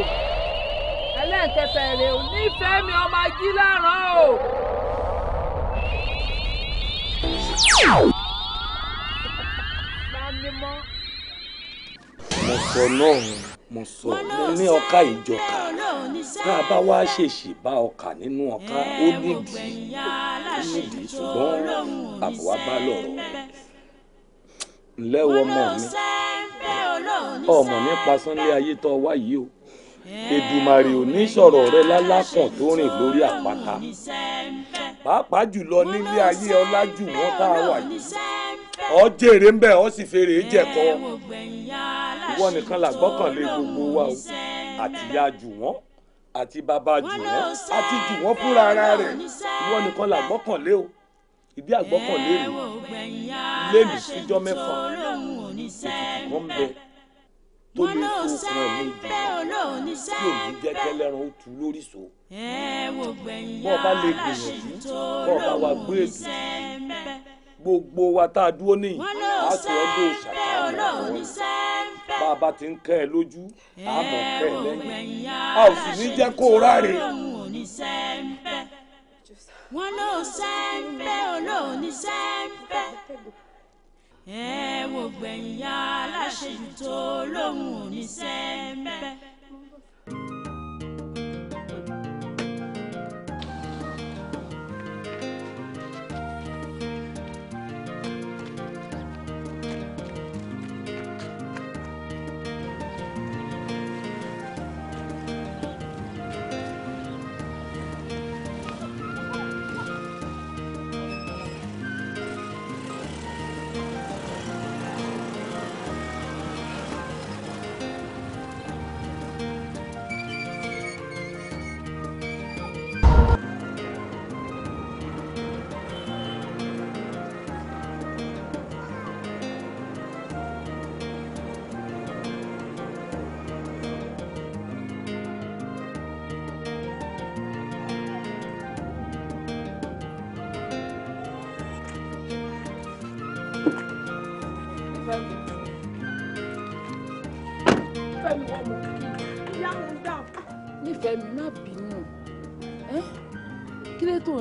ẹlẹ́ẹ̀kẹfẹ́ rẹ̀ o nífẹ̀ẹ́ mi ọmọ ajíláràn o. mo sọ lọ́run mo sọ mo ní ọkà ìjọka tá a bá wá ṣèṣì bá ọkà nínú ọkà ó nídìí ó nídìí ṣùgbọ́n àbúwá bá lọ̀rọ̀ ǹlẹ́ o ọmọ mi ọmọ nípa Sunday ayé tó wá yìí o Èdùmàrè ò sọ̀rọ̀ rẹ lálákàn tó rìn lórí àpáta pàápàá jùlọ nílé ayé ọlájú wọn tá a wà yìí ọ jèrè ń bẹ ọ sì fèrè jẹkọ ìwọ nìkan là gbọ́kànlé gbogbo wa o àtìyá jù wọ́n àti bàbá jù wọ́n àti jù wọ́n fúnra ara rẹ̀ ìwọ nìkan là gbọ́kànlé o ìdí àgbọ́kànlé rèé lẹ́nu síjọ́ mẹ́fà òtútù kan bẹ tó lè fún fún ẹ ní tí òní jẹ́ kẹlẹ́ran ó tu lórí so. bọ́ọ̀ bá lè gbìyànjú bọ́ọ̀ bá wa gbé ètò gbogbo wa tá a dúró níyì á sọ ẹ́ lóò ṣàkóso àwọn ẹ̀ bá a bá ti ń kẹ́ ẹ lójú á mọ̀ kẹ́ ẹ lẹ́yìn a ò sì ní jẹ́ kó o ráre wọn ló sẹ́ńpẹ́ olóòní sẹ́ńpẹ́ ẹ wò gbẹ̀yìn aláṣejù tó lóhùn ò sẹ́ńbẹ́.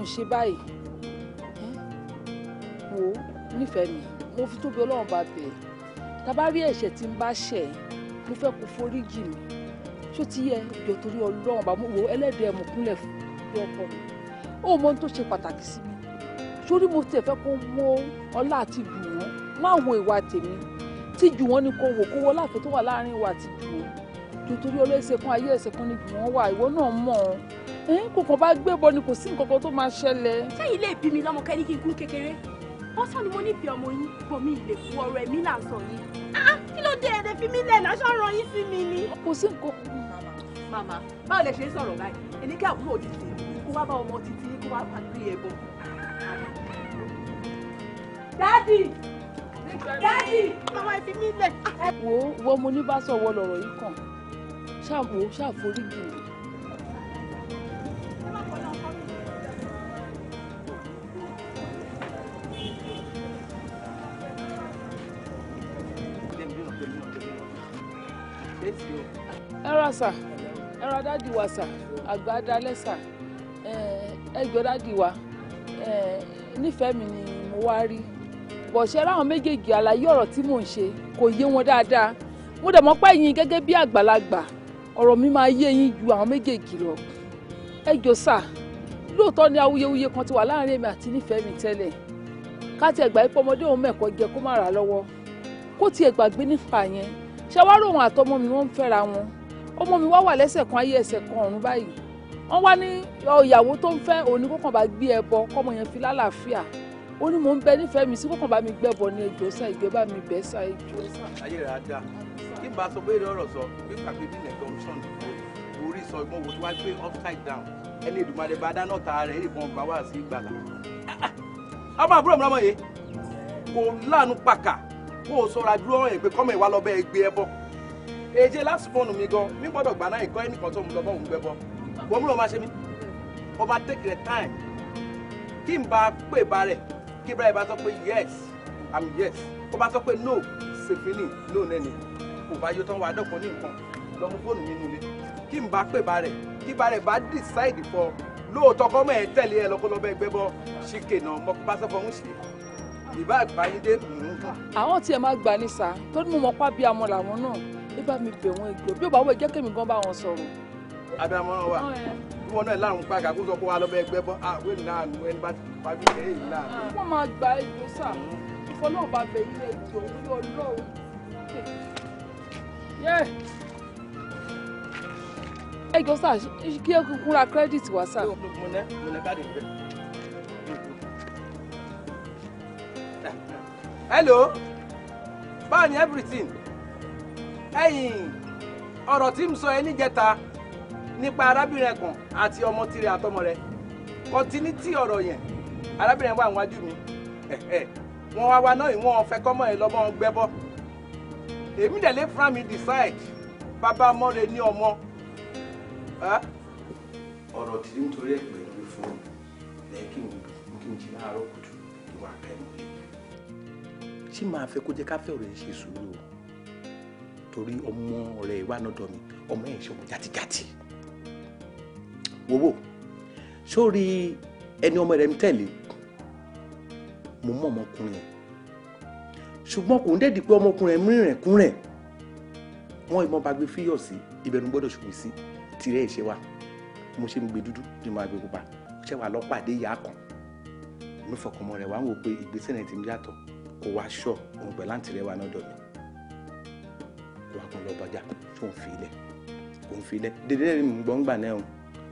ń ṣe báyìí wo nífẹ̀ẹ́ mi mo fi tóbi ọlọ́run bá bẹ̀ ẹ́ tàbá rí ẹ̀ṣẹ̀ tí ń bá ṣẹ̀ mo fẹ́ kó foríjì mi ṣó ti yẹ ìjọ torí ọlọ́run bá mo wo ẹlẹ́dẹ̀ẹ́ mo kúnlẹ̀ fún ìjọ ọkọ mi ó mọ ohun tó ṣe pàtàkì sí mi sórí mo tẹ̀ fẹ́ kó mọ ọlá àti ìbùwọ́n má wo ìwà tèmi tí jù wọ́n ni kò wò kó wọ láàfin tó wà láàrin ìwà àti ìbùwọ́n jù torí ọlọ́ọ̀ẹ́sẹ̀ kan ayé ẹ̀sẹ̀ kan ni jù wọ́n wà ìwọ náà mọ̀ ọ́n kòkàn bá gbébọn ni kò sí nǹkan kan tó máa ṣẹlẹ̀. ṣé ilé ìbí mi lọ́mọ kẹ́ni kí n kú kékeré wọ́n sọ ni mo nífẹ̀ẹ́ ọmọ yín bọ̀ mi ìlè fún ọ̀rọ̀ ẹ̀mí là ń sọ yìí. Ah, ah, kí ló dé ẹ̀dẹ̀ fi mí lẹ̀ láṣọ ọ̀rọ̀ yín sí mi ni. kò sí nǹkan. màmá báwo lẹ ṣe ń sọ̀rọ̀ báyìí ẹni kí àbúrò òjijì kó wá bá ọmọ títí kó wá bá gbé ẹbọ. dádì dádì màmá ìfi wo wo mo ní bá sọ̀wọ́ lọ̀rọ̀ yìí kàn ṣáà wo ṣáà forí gbìyànjú sà ẹ ra dádì wa sà àgbà dalẹ̀ sà ẹ jọ dádì wa nífẹ̀ẹ́ mi ni mo wá rí bọ̀ṣẹ́ láwọn méjèèjì àlàyé ọ̀rọ̀ tí mò ń ṣe kò yé wọn dáadáa mo dẹ̀ mọ́ pé yín gẹ́gẹ́ bí àgbàlagbà ọ̀rọ̀ mi máa yé yín ju àwọn méjèèjì lọ ẹ jọ sà lóòótọ́ ni awuyewuye kan ti wà láàrin èmi àti nífẹ̀ẹ́ mi tẹ́lẹ̀ ká tiẹ̀ gbà pé òun mẹ́kọ̀ọ́ jẹ kó má rà lọ́wọ́ kó tiẹ̀ gbàgbé nípa yẹn ṣe wá rò wọn àtọmọ mi wọ́n ń fẹ́ra wọn ọmọ mi wá wà lẹ́sẹ̀ kan ayé ẹsẹ̀ kan ọ̀run báyìí wọ́n wá ní ìyàwó tó ń fẹ́ òní kó kàn bá gbé ẹbọ kọ́mọ yẹn fi lálàáfíà ó ní mò ń bẹ nífẹ̀ẹ́ mi sí kó kàn bá mi gbẹ́bọ ní ẹjọ́ sá ìgbé bá mi bẹ́ẹ̀ sá ìjọ. ayé rẹ̀ á dá kí n bá sọ pé ìrọ̀rọ̀ sọ pé pàpẹ́ bí nẹ̀gọ́ sàn orí sọ ìbọn wo tí wàá gbé upside down ẹni ìdùnmọ̀lẹ̀ bá dáná ta rẹ̀ ìbọn gbà wá sí ìgbàlá. ọmọ àbúrò mi lọ́mọ yìí kò láàánú pàkà kó o sọra dúró ọ̀rọ̀ yẹn pé kọ́mọ ìwà lọ bẹ́ẹ̀ gbé ẹbọ èjé láti fóònù mi gan mi gbọ́dọ̀ gbà náà ìkọ́ ẹnìkan tó ń lọ bọ́ọ̀ ń gbẹ bọ́ wọ́n múlò máa ṣe mí ọba take the time kí n bá pè bá rẹ̀ kí bá rẹ̀ bá sọ pé yes i'm yes ó bá sọ pé no sèfìlì no nẹ́ni kò bá yóò tán wà á dọ̀kan ní nǹkan lọ mú fóònù mi nulẹ̀ kí n bá pè bá rẹ̀ kí bá rẹ̀ bá decide for lóòótọ́ kọ́ mọ̀ ẹ́ tẹ̀lé ẹ lọ́kọ́ lọ́bẹ̀ ẹgbẹ́ bọ́ ṣìkè náà mọ́ bá sọ fọhún sí ìbá àgbáyé dé. àwọn tiẹ̀ máa gbà ní sá tó ní mo mọ̀ pábíàmọ́ làwọn náà ẹ bá mi bẹ̀ wọ́n ìjọ bí ó bá wọ́n ìjẹ́ kèmí gan bá wọn sọ̀rọ̀. adamọ́ràn wa wọn náà láàrún pa kàkó sọ pé wà lọ́bẹ̀ ẹgbẹ́ bọ́ àwọn ènìyàn àánú ẹni bá ti pa bí ẹ náà. Ah. wọ́n máa gba ìjọ sáà ìfọlọ́ọ̀bá bẹ̀ ilé ìjọ orí ọlọ́run. ẹ jọ sáà kí ẹ kúkú kírẹ́dìtì wá sáà. mo nẹ káàdì ìgbẹ́. hello báwo everything ẹ̀yìn ọ̀rọ̀ tí mo sọ ẹ níjẹta nípa arábìnrin ẹ̀gàn àti ọmọ tirẹ̀ àtọmọ rẹ̀ kọ́tínítì ọ̀rọ̀ yẹn arábìnrin wà níwájú mi wọn wá wa náà ìwọ̀n fẹ́ kọ́mọ yẹn lọ́mọ gbẹ́bọ́ èmi dẹ̀ lè fúnra mi decide bàbá ọmọ rẹ ní ọmọ. ọ̀rọ̀ tí nítorí ẹ̀ pé ní fún mi lẹ́yìn kí n kí n jí láàárọ̀ kùtù ìwà kẹ́mi. ṣé màá fẹ́ kó jẹ́ ká fẹ́ ọ̀rọ̀ ṣe sùúrù o torí ọmọ rẹ̀ wà lọ́dọ̀ mi ọmọ yẹn ṣe ọmọ jàtijàti wowo sórí ẹni ọmọ rẹ̀ ń tẹ̀lé mo mọ̀ ọmọkùnrin yẹn ṣùgbọ́n kò ń dẹ́ẹ̀dì pé ọmọkùnrin mi rìn kúnrẹ̀ wọ́n ìmọ̀ bá gbé fíyọ̀ sí ìbẹ̀rù gbọ́dọ̀ ṣùgbọ́n sí tirẹ̀ ìṣe wa mo ṣe ń gbé dúdú ní mo àgbẹ̀ pupa ṣé wàá lọ́pàdé ìyá kan mi fọkànmọ́ rẹ̀ wá ń wò pé ìgbésẹ̀ rẹ̀ ti ń yàtọ̀ kò wá ṣọ́ òun pẹ̀lú rẹ̀ wà náà dọ̀ wà kàn lọ bàjá tó ń filẹ̀ kò ń filẹ̀ dédé rẹ̀ mú gbọ́ngbà náà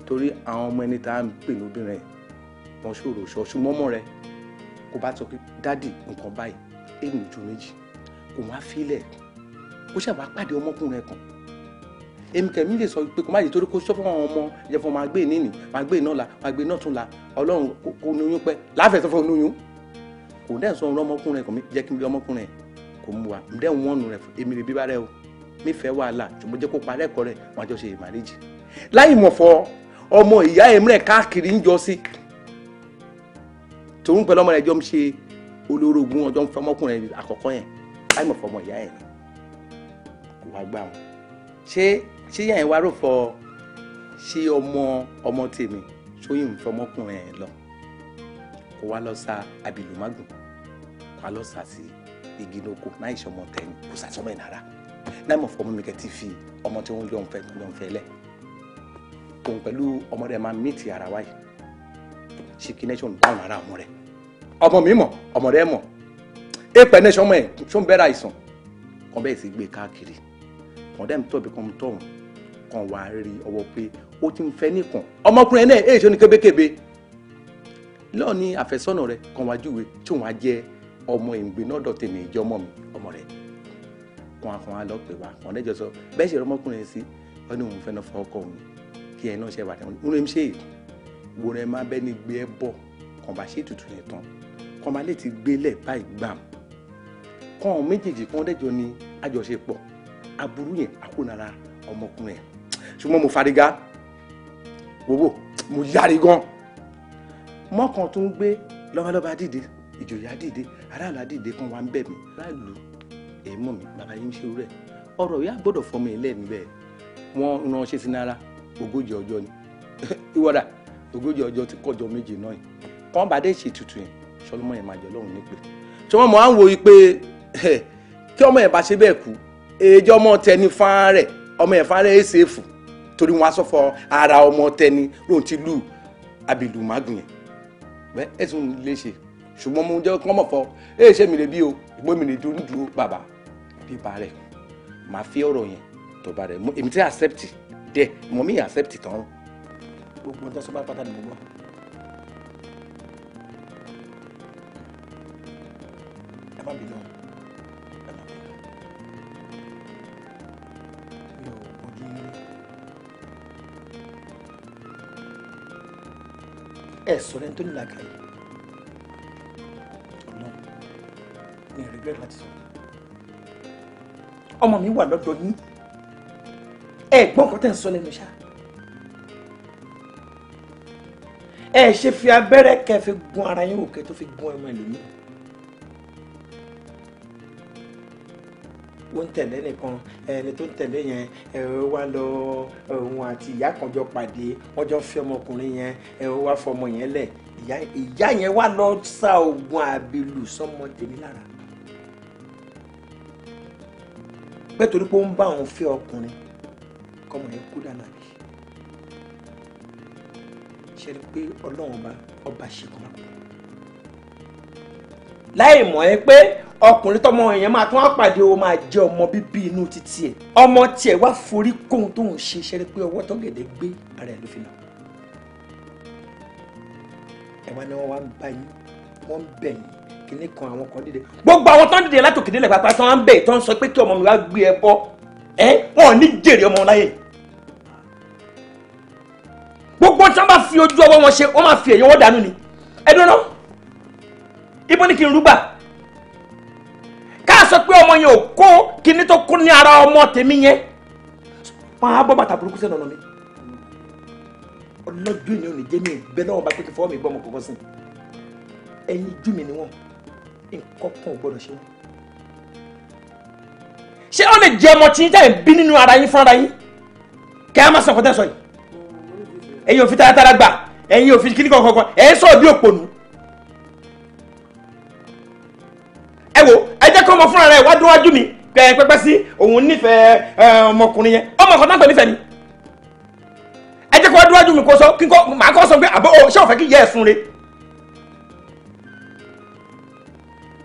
torí àwọn ọmọ ẹni tá à ń pè lóbìnrin ẹ̀ wọn ṣòro ṣọ ṣùgbọ́n ọmọ rẹ̀ kò bá sọ pé dádì nǹkan báyìí èmi ju méjì kò wá filẹ̀ kó ṣàwá pàdé ọmọkùnrin ẹ̀ kan èmi kẹ̀mí lè sọ pé kò má yẹ torí kó sọ fún àwọn ọmọ ìjẹ̀fọ́ máa gbé e nínì máa gbé e náà la máa gbé e náà tún la ọlọ́run kò lóyún pẹ́ láàfẹ́ sọ fún olóyún kò dẹ́n sọ ọmọkùnrin ẹ̀ kò mí jẹ́ kí n bí ọmọkùnrin ẹ̀ kò mú wa dẹ́n wọ́n nù rẹ̀ èmi rè bíbá rẹ̀ o nífẹ̀ẹ́ wàhálà ṣùgbọ́n jẹ́ kó parẹ́ ẹ̀kọ́ rẹ̀ wọ́n àjọṣe ìmàríjì láì mọ̀fọ́ ọmọ ìyá ẹ̀mìrẹ̀ káàkiri ń jọ sí tòun pẹ̀lú ọmọ rẹ̀ jọ ń ṣe olórogún ọjọ́ ń fẹ́ ọmọkùnrin àkọ́kọ́ yẹn láì mọ̀fọ́ ọmọ ìyá ẹ̀ ni kò wá gbà wọn ṣé ṣé yẹn wá rò fọ ṣé ọmọ ọmọ tèmi sóyún ń fẹ́ ọmọkùnrin ẹ̀ lọ kó wá lọ sa àbìlùmágùn kó wá lọ sa sí igi lóko náà ìṣọmọ tẹ̀yìn kò sàtọ́mọ̀ ẹ̀ nára láìmọ̀ fọmọ mi kẹ́ ti fi ọmọ tí wọ́n jọ̀ọ́ ń fẹ́ jọ̀ọ́ ń fẹ́ lẹ̀ òun pẹ̀lú ọmọdé máa mìtì ara wáyé ṣìkì nation dáhùn ara ọmọ rẹ̀ ọmọ mi mọ̀ ọmọ rẹ̀ mọ̀ apẹ̀ nation mọ̀ ẹ̀ tó ń bẹ̀rẹ̀ àìsàn kan bẹ́ẹ̀ sì gbé káàkiri kan dẹ́mi tọ̀bi kan tọ̀hún kan wà á rí ọwọ́ pé ó ti ń fẹ́ nìkan ọmọkùnrin náà èyí ṣe ní kébékébé lọ́ọ̀ ni àfẹ́sọ́nà rẹ̀ kan wájú ìwé tí òun á jẹ́ ọmọ ìgbé náà dọ̀tẹ̀ mi ọmọ rẹ̀ kàn àkàn á lọ pè wá kàn lẹ́jọ́ sọ bẹ́ẹ̀ ṣe rọmọkùnrin sí ọ ní òun fẹ́ náà fọ ọkọ òun kí ẹ náà ṣe bàtà òun ní ṣe wo rẹ máa bẹ́ẹ̀ ni gbé ẹ bọ̀ kàn bá ṣe ètùtù yẹn tán kàn bá lè ti gbélẹ̀ báyìí gbàm kàn méjèèjì kàn lẹ́jọ́ ni àjọṣepọ̀ aburú yẹn àkónára ọmọkùnrin yẹn ṣùgbọ́n mo fariga wòwò mo yára gan mọ́kàn tó ń gbé lọ́balọ́ba dìde ìjòyà dìde aráàlá dìde kan wà ń bẹ̀ mí láìlú èyí mọ̀ mi bàbá yín ṣe rẹ̀ ọ̀rọ̀ yà gbọ́dọ̀ fọmọ ilẹ̀ níbẹ̀ wọ́n ran ṣe sí náírà ogójì ọjọ́ ni ìwọ́dà ogójì ọjọ́ ti kọjọ méje náà yìí kàn bá dé ṣètùtù yẹn sọlọmọ yẹn máa jẹ lọ́hùn nípe tí wọ́n mọ̀ á ń wo pé kí ọmọ yẹn bá ṣe bẹ́ẹ̀ kú èjọ́ ọmọ tẹni fán rẹ̀ ọmọ yẹn fán rẹ̀ é ṣèfù torí wọn aṣọ́fọ ara ọmọ tẹni lóun ti lù abìlùmágùn yẹn bẹ́ẹ̀ ẹ̀sùn lè ṣe ṣùgbọ́n mo jẹ́ kọ́mọ̀fọ́ ẹ̀ ṣe mi lè bí o ìgbọ́n mi lè dúró dúró bàbá bí ba rẹ̀ màá fi ọ̀rọ̀ yẹn tó ba rẹ̀ èmi ti accept dẹ̀ mọ̀ mí accept tán gbogbo ọjọ́ sọ́ba pátá ni mo gbọ́. ẹ má bínú ẹ má bínú mi ò ojú ní. mi ò rí bẹ́ẹ̀ ọmọ mi wà lọ́dọ̀ yín ẹ gbọ́n nǹkan tẹ̀ ń sọ lẹ́nu ṣá ẹ ṣe fi abẹ́rẹ́ kẹ́ fi gun ara yín òkè tó fi gun ọmọ ẹlòmíì ó ń tẹ̀lé nìkan ẹni tó ń tẹ̀lé yẹn ẹ wá lọ òun àti ìyá kan jọ pàdé wọ́n jọ fi ọmọkùnrin yẹn ẹ wá fọmọ yẹn lẹ̀ ìyá yẹn wá lọ sa oògùn àbílù sọmọ tèmi lára bẹ́ẹ̀ torí pé ó ń bá òun fẹ́ ọkùnrin kọ́mọ yẹn kú dáná bí ṣe rí pé ọlọ́run ọba ọba ṣe kọ́ máa pẹ́ láì mọ̀ ẹ́ pé ọkùnrin tọmọ yẹn máa tún wá pàdé o máa jẹ́ ọmọ bíbí inú títí ẹ̀ ọmọ tiẹ̀ wá forí kóhun tóun ṣe ṣe rí pé ọwọ́ tọ́gẹ̀dẹ̀ gbé ara ẹ̀ ló fi nà ẹ̀ ni wọ́n wá ń bá yín wọ́n ń bẹ̀ yín kìíní kan àwọn kan dìde gbogbo àwọn tó ń dìde látòkè délẹ̀ pàápàá tó ń bẹ̀ tó ń sọ pé kí ọmọ mi wá gbé ẹ bọ́ ẹ wọn ò ní jèrè ọmọ láyè gbogbo tí wọn bá fi ojú ọwọ́ wọn ṣe wọn máa fi ẹ̀yẹ wọn dànù ni ẹ dúró ibo ni kí n rúgbà ká sọ pé ọmọ yẹn ò kó kinní tó kún ní ara ọmọ tèmi yẹn máa bọ́ bàtà burúkú sẹ́nu ọ̀nà mi ọlọ́jọ́ ìní ò ní jẹ́ mi bẹ́ẹ̀ náà wọn bá pé kí fọwọ́ mi kọ̀ọ̀kan sí ẹyin jú mi ni wọ́n nǹkan kan ò gbọ́dọ̀ ṣe wọ́n. ṣé ó lè jẹ ọmọ tí yín táyà bí nínú ara yín fúnra yín kẹ́ ẹ má sọ̀kọ́ tẹ́ sọ yìí ẹ̀yin ò fi taratara gbà ẹ̀yin ò fi kíní kankan ẹ̀ ń sọ̀rọ̀ bí òpònú. ẹ wo ẹ jẹ́ kí ọmọ fúnra rẹ̀ wá dúnwájú mi pẹ́ẹ́pẹ́pẹ́ sí òun nífẹ̀ẹ́ ọmọkùnrin yẹn ọmọ kan náà pẹ̀lú ni ẹ jẹ́ kí wọ́n dúnwájú mi kó sọ kí n kọ́ màá kọ́ sọ pé àbọ̀ ṣé òfẹ́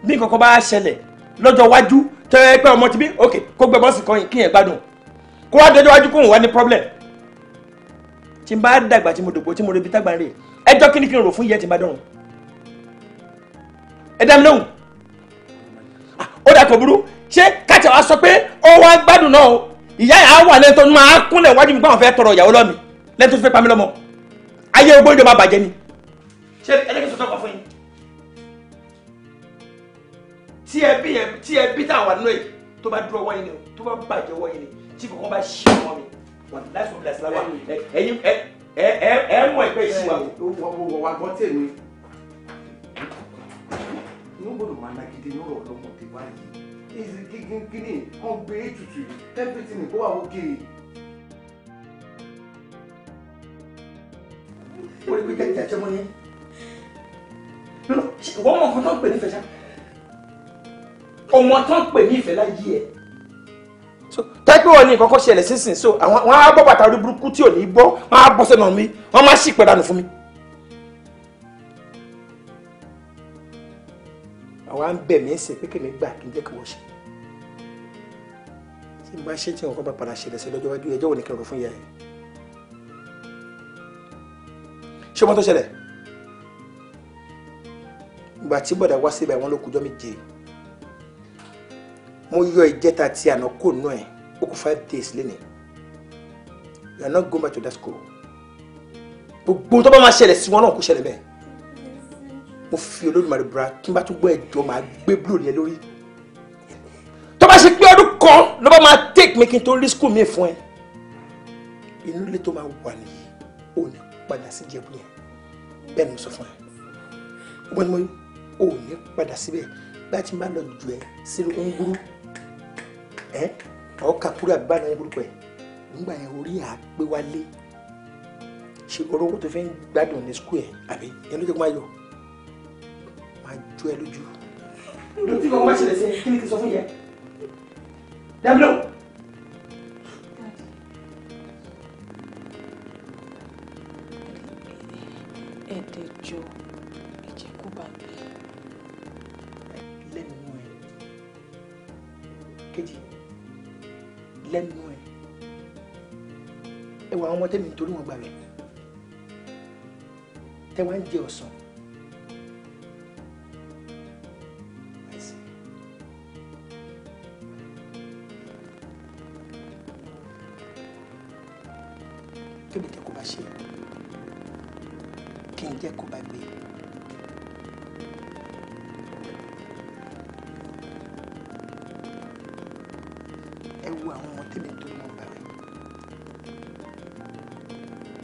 bí nǹkan kan bá ṣẹlẹ̀ lọ́jọ́ iwájú tẹ́ ẹ pé ọmọ ti bí ok kó gbẹ̀bọ́n sì kọyìn kí yẹn gbádùn kó wá dọjọ́ iwájú kóhùn wá ní problem tí n bá dàgbà tí mo dògbò tí mo rebi tágbà rè ẹjọ́ kí ni kí n rò fún yẹ tí n bá dọ̀rùn ẹ dá mi lóhùn ah, ó dà kò burú ṣé káàtì àwa sọ pé ó wá gbádùn náà o ìyá yà á wà lẹ́nu tó ń máa kúnlẹ̀ wájú mi báwọn fẹ́ tọrọ ìyàwó lọ́mi lẹ́nu tó fẹ́ pamí lọ́mọ ayé ogbó ìjọba bàjẹ́ ni ṣé ẹlẹ́gbẹ̀ẹ́ sọ́tọ̀ kọ fún yín tí ẹbí yẹn tí ẹbí tá a wà nínú yìí tó bá dúró wọ́n yìí o tó bá bàjẹ́ wọ́n yìí ni tí kòkó bá ṣe wọ́n mi wọn láti wọ́n bilasi láwa ẹ̀yin ẹ ẹ ẹ mọ̀ ẹgbẹ́ yìí wa. wọ́n wá gbọ́ tèmi ní gbọ́dọ̀ máa nagídé lọ́rọ̀ ọlọ́mọ tí wá yìí èyí gígín gíní kan gbé ètùtù tẹ́pẹ́tì ní kó wà ókè. wọ́n lè gbé jẹ́ jẹ́ jẹ́ mọ́ ni wọ́n mọ̀ nǹkan tó ń pè ní fẹ̀ṣá ọmọ tán pè ní ìfẹ́ láyé ẹ̀. tẹ́gbẹ́ wọn ni kọ́kọ́ ṣẹlẹ̀ sísìn so àwọn wọn á bọ́ bàtà orí burúkú tí ò ní bọ́ wọn á bọ́ sẹ́nu mi wọ́n má sì pẹ̀dánù fún mi. àwọn á ń bẹ̀ mí ẹsẹ̀ pé kèmí gbà kí n jẹ́ kí wọ́n ṣe. tí n bá ṣe tí nǹkan bá padà ṣẹlẹ̀ sí lọ́jọ́ wájú ẹjọ́ òní kẹrù fún ìyá yẹn. ṣé wọ́n tó ṣẹlẹ̀? ìgbà tí bọ̀dà wá síbẹ̀ wọn ló kù jọ́ méje mo yọ ìjẹta àti àná kò nù ẹ ó kù five days lẹ́nìí you are not going back to that school gbogbo tó bá máa ṣẹlẹ̀ sí wọn náà kò ṣẹlẹ̀ bẹ́ẹ̀ mo fi olódùmarè búra kí n bá tún gbọ́ ẹ̀jọ́ máa gbé búrò yẹn lórí tó bá ṣe pé ọdún kan ló bá máa take mi kí n tó rí school mi fún ẹ inú ilé tó máa wà nìyí ò ní padà sí jẹ́bú yẹn bẹ́ẹ̀ ni mo sọ fún ẹ ọgbọ́n ni mo ò ní padà síbẹ̀ bí a ti máa lọ jù ẹ sínú ń gbúrú ẹ ọkà kúrò àbí bá náà burúkú ẹ nígbà yẹn orí àpé wálé ṣe orówó tó fi gbádùn ní skul ẹ àbí yẹn ló jẹ́ kó máa yọ máa jó ẹ lójú. lójú tí wọn bá sí kí ni kí sọ fún yẹ dábìlọ. ẹ̀ẹ́dẹ̀jọ ẹ̀jẹ̀ kó bá bẹ̀rẹ̀. lẹ́nu ẹ̀ kejì lẹ́nu ẹ̀ ẹ wà àwọn ọmọ tẹ́mi torí wọn gbà rẹ̀ tẹ́ wá ń jẹ ọ̀sán kébìtẹ́ kó bá ṣe kí n jẹ́ kó bá gbé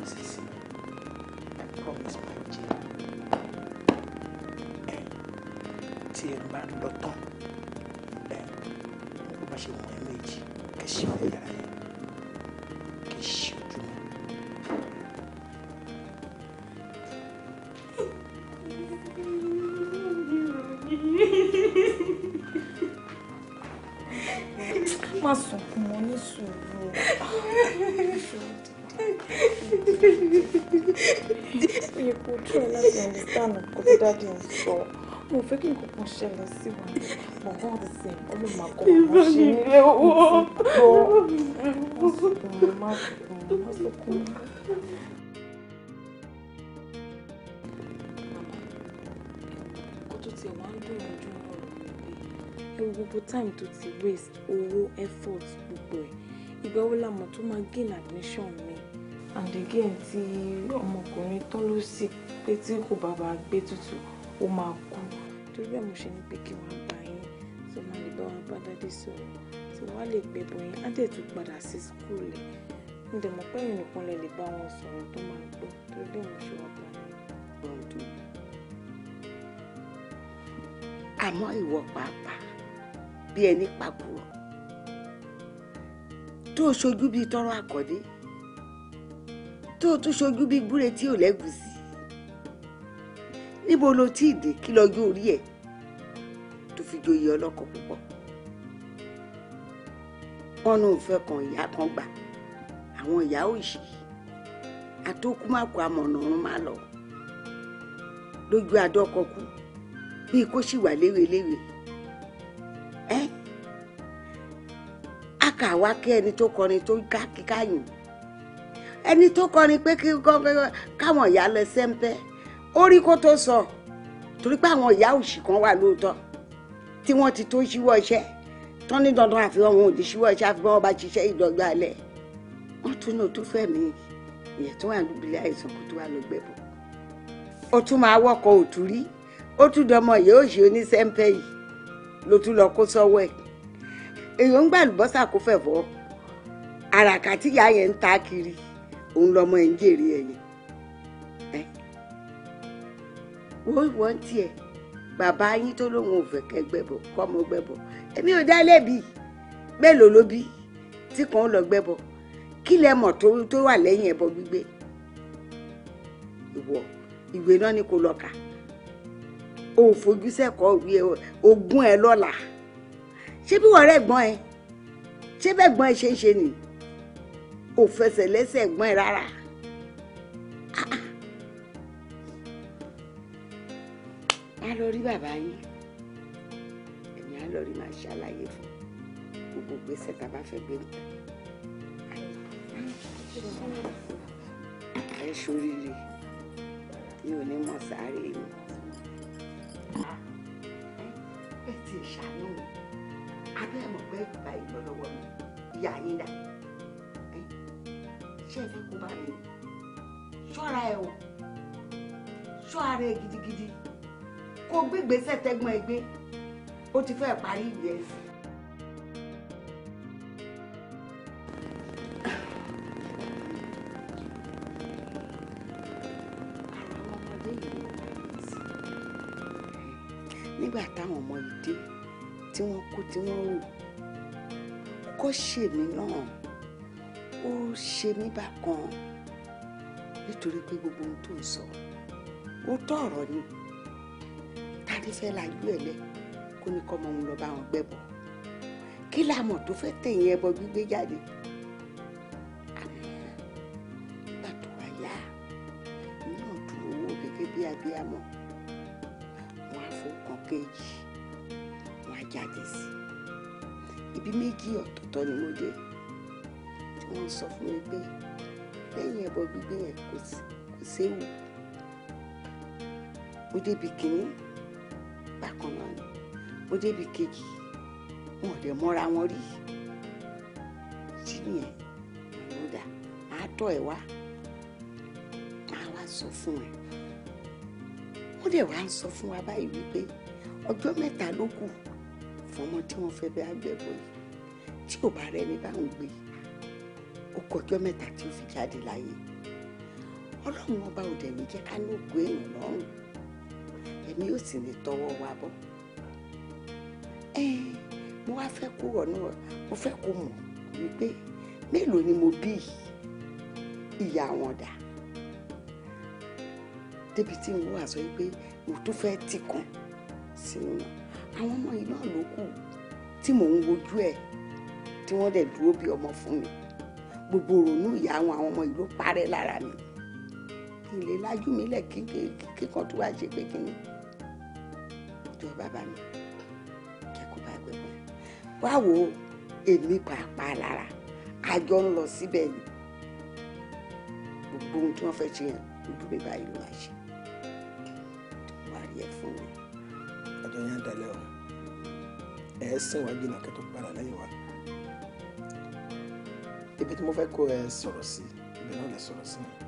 What is it? I promise my dear. Ẹ tí ẹ bá lọ tán eh, ẹ kó bá ṣe wọ̀n ẹ méjì kẹ ṣe fẹ́ yàrá yẹn kẹ ṣe ojú dáàdì ń sọ mo fẹ́ kí nǹkan kan ṣẹlẹ̀ sí wa but all the same ọlọ́mọ àkọ́kọ́ mo ṣe é ní owó ọ̀sùn má má sùn kún. tó tiẹ̀ wá ń dùn ojú ẹ wo gbogbo time tó ti waste owó effort gbogbo ẹ̀ ìgbà wo la mọ̀ tó máa gain admission mi and again ti ọmọkùnrin tán ló sì kú pé tí kò bá bá gbé tutù ó máa kú torí ẹ̀ mo ṣe ní pé kí wọ́n bá yín tó máa lè bá wọn bá dádé sọ̀rọ̀ tí wọ́n á lè gbé bọ̀ yín á dẹ̀ tún padà sí skul ẹ̀ ń dẹ̀ mọ̀ pé ìrìn kan lè lè bá wọn sọ̀rọ̀ tó máa gbọ́ torí ẹ̀ mo ṣe wọ́n bá yín. àmọ́ ìwọ pàápàá bí ẹni pàkúrọ̀ tó o ṣojú bíi tọrọ àkọ́dé tó o tún ṣojú bíi gbúre tí ò lẹ́gùsí níbo lo tí ì dé kí lọ́jọ́ orí ẹ̀ tó fi joyè ọlọ́kọ̀ púpọ̀ wọn náà fẹ́ kan ìyá kan gbà àwọn ìyá òṣì àtòkùmákù amọ̀nà ọ̀run má lọ lójú adọ́kọ̀kù bíi kó sì wà léweléwe ẹ́ a kà wá kí ẹni tó kọrin tó ká kíkáyìn ẹni tó kọrin pé kí káwọn ìyá lọ sẹ́ńpẹ́ ó rí kó tó sọ torí pé àwọn ìyá òṣì kan wà lóòótọ́ tí wọ́n ti tó ṣíwọ́ iṣẹ́ tán ní dandan àfihàn wọn ò di ṣíwọ́ iṣẹ́ àfihàn wọn bá ṣiṣẹ́ ìdọ́gba alẹ́ wọ́n tún náà tó fẹ́ mi ìyẹn tó wà lóbìlẹ̀ àìsàn kó tó wà lọ gbẹ̀bọ̀ ó tún máa wọ́kọ̀ òtún rí ó tún dọmọ ìyá òṣì oníṣẹ́ńpẹ́ yìí ló tún lọ kó sọ́wọ́ ẹ̀ èèyàn ń gbà lùbọ́sà kó fẹ̀fọ́ àràkà tíyà yẹn ń ta kiri òun lọmọ ẹ̀ ń jèrè ẹ̀yìn wọ́n wọ́n tiẹ̀ bàbá yín tó lóun ò fẹ́ kẹ́ gbẹ̀bọ kọ́mọ gbẹ̀bọ èmi ò dá lẹ́bi mélòó ló bí tí kàn ń lọ gbẹ̀bọ kí lẹ mọ̀ tó wà lẹ́yìn ẹbọ gbígbé ìwọ ìwé náà ni kò lọ kà o ò fojú sẹ́kọ̀ọ́ ìwé ẹ ogún ẹ lọ́la ṣé bí wọ́n rẹ̀ gbọ́n ẹ ṣé bẹ́ẹ̀ gbọ́n ẹ ṣe ń ṣe nì ò fẹsẹ̀ lẹ́sẹ̀ gbọ́n ẹ rárá. á lọ rí bàbá yín èmi á lọ rí màá ṣàlàyé fún gbogbo gbèsè tá a bá fẹ́ gbé níta. ẹ ṣoríire mi ò ní mọ sáré mi. ẹ ti ṣàánú mi abẹ́ mọ̀ pé ìgbà ìlọ́lọ́wọ́ mi ìyá yín dà ṣé ẹ fẹ́ kó bá mi ṣọ́ra ẹ o ṣọ́ ara ẹ gidigidi kó gbígbèsè tẹ́gbọ́n ẹ gbé ó ti fẹ́ parí ìgbẹ́ ẹ̀sìn. nígbà táwọn ọmọ yìí dé tí wọ́n kú tí wọ́n rò kó ṣe mí náà ó ṣe mí bákan nítorí pé gbogbo ohun tó ń sọ ó tọ̀ ọ̀rọ̀ ni fẹ́ẹ́ lajú ẹ̀ lẹ kó ní kọ́ ọmọ òun lọ bá wọn gbẹ́bọ kí làmọ̀ tó fẹ́ tẹ̀yìn ẹbọ gbígbé jáde nígbà tó wà yá nínú dúró owó gẹ́gẹ́ bí abiyamọ wọn á fọ kan kéèjì wọn á jáde sí ibi méjì ọ̀tọ̀ọ̀tọ̀ ni mo dé tí wọ́n sọ fún mi pé lẹ́yìn ẹbọ gbígbé yẹn kò séwu ó débi kìíní bákan náà ni bó débi kejì wọn ò dẹ̀ mọ́ra wọn rí sí nìyẹn ló dà máa tọ́ ẹ wá máa wá sọ fún ẹ wọ́n dẹ̀ wá ń sọ fún wa báyìí wípé ọjọ́ mẹ́ta ló kù fọmọ tí wọ́n fẹ́ bẹ́ agbẹ́bọ̀ yìí tí ò bá rẹni bá ń gbé ó kọ ọjọ́ mẹ́ta tí ó fi jáde láyé ọlọ́run ọba ò dẹ̀ ní jẹ́ ká ní òkú èèyàn lọ́rùn èmi ò sì ní tọwọ́ wa bọ̀ mo wá fẹ́ kó ọ̀nà mo fẹ́ kó mọ̀ wípé mélòó ni mo bí ìyá wọn dà débi tí mo wà sọ pé mo tún fẹ́ tì kan sínú náà àwọn ọmọ yìí náà ló kù tí mò ń wojú ẹ̀ tí wọ́n dẹ̀ dúró bí ọmọ fún mi gbogbo òrònú ìyá àwọn àwọn ọmọ yìí ló parẹ́ lára mi ilé lájú mi lẹ̀ kíkan tó wá ṣe pé kíni dókítà bàbá mi kẹ́kọ̀ọ́ bá gbẹ pẹ́ báwo èmi pàápàá lára àjọ ń lọ síbẹ̀ ni gbogbo ohun tí wọ́n fẹ́ ṣe yẹn ojú mi báyìí ló máa ṣe wàá rí ẹ fún mi. ọjọ́ yẹn ń dalẹ̀ o ẹ sìn wá jìnnà kẹ́tọ́ padà lẹ́yìn wa ibi tí mo fẹ́ kó ẹ sọ̀rọ̀ sí ibi náà lè sọ̀rọ̀ sí mi.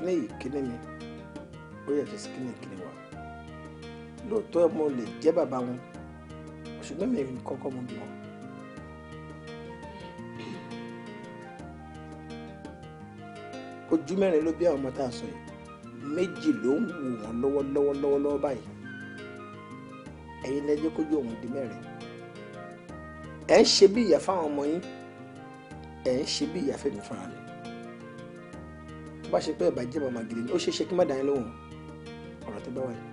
kíní yìí kíní mi ó yàtọ̀ sí kíní kíní wa lóòótọ́ mo lè jẹ́ bàbá wọn ṣùgbọ́n mi kọ́kọ́ mo bí wọn. ojú mẹ́rin ló bí àwọn ọmọ tá a sọ yìí méjì ló ń wù wọ́n lọ́wọ́lọ́wọ́ lọ́wọ́lọ́wọ́ báyìí ẹ̀yin lẹ́jọ́ kójú òun di mẹ́rin ẹ̀ ń ṣe bí ìyá fáwọn ọmọ yín ẹ̀ ń ṣe bí ìyá fèmí fúnra rẹ̀ bá ṣe pé ẹ̀bà jẹ́ màmá gidi ni ó ṣeé ṣe kí má dání lóhùn ọ̀rọ̀ tó bá wà yìí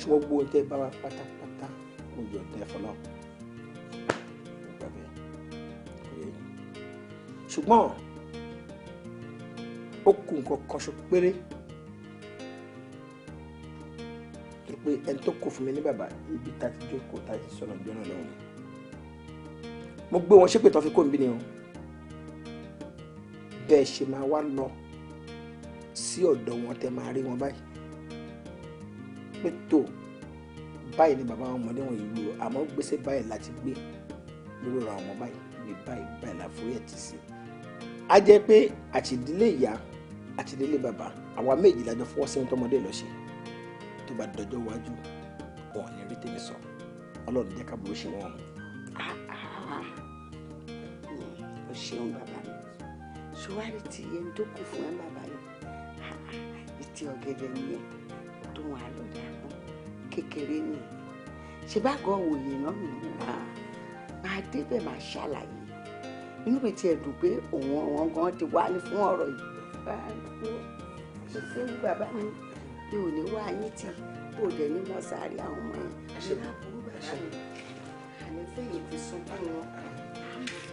ṣùgbọ́n gbogbo tẹ́ bá wa pátápátá kò yọ tẹ́ fọlọ́ ṣùgbọ́n ó kù nǹkan kan ṣo péré pé ẹni tó kò fún mi ní bàbá ibi tá a ti jókòó tá a ti sọ̀rọ̀ ìjọ lọ́wọ́ mo gbé wọn ṣépè tó fi kó mi bí ni o bẹ́ ẹ ṣe máa wá lọ sí ọ̀dọ̀ wọn tẹ máa rí wọn báyìí pé tó báyìí ni bàbá wọn mọ̀lẹ́ wọn yìí lò àmọ́ gbèsè báyìí láti gbé lórí ra wọn báyìí ní báyìí báyìí láforí ẹ̀ ti sí. a jẹ́ pé àtìdílé ìyá àtìdílé bàbá àwa méjì lájọ fọwọ́ sí ohun tọmọdé lọ ṣe tó bá dọjọ́ iwájú wọn ò ní rí tèmi sọ ọlọ́run jẹ́ ká burú ṣe wọ́n. Ah, ah, ah, ṣeun bàbá ṣé wàá rí ti ẹni tó kù fún ẹ bàbá lọ ìtì ọ̀gẹ̀dẹ̀ nìyẹn tó wọn á lọ dàpọ̀ kékeré nì ṣe bá gan òye náà mi máa débẹ̀ máa ṣàlàyé inú mi ti ẹ̀dùn pé òun ọ̀wọ́n gan ti wá ní fún ọ̀rọ̀ yìí bá a kú bàbá mi mi ò ní wá yín tì kó dẹ̀ ní mọ́sàárì àwọn ọmọ yẹn ṣe bá burú bàbá mi àmì fẹ́yìntì sọ fún wọn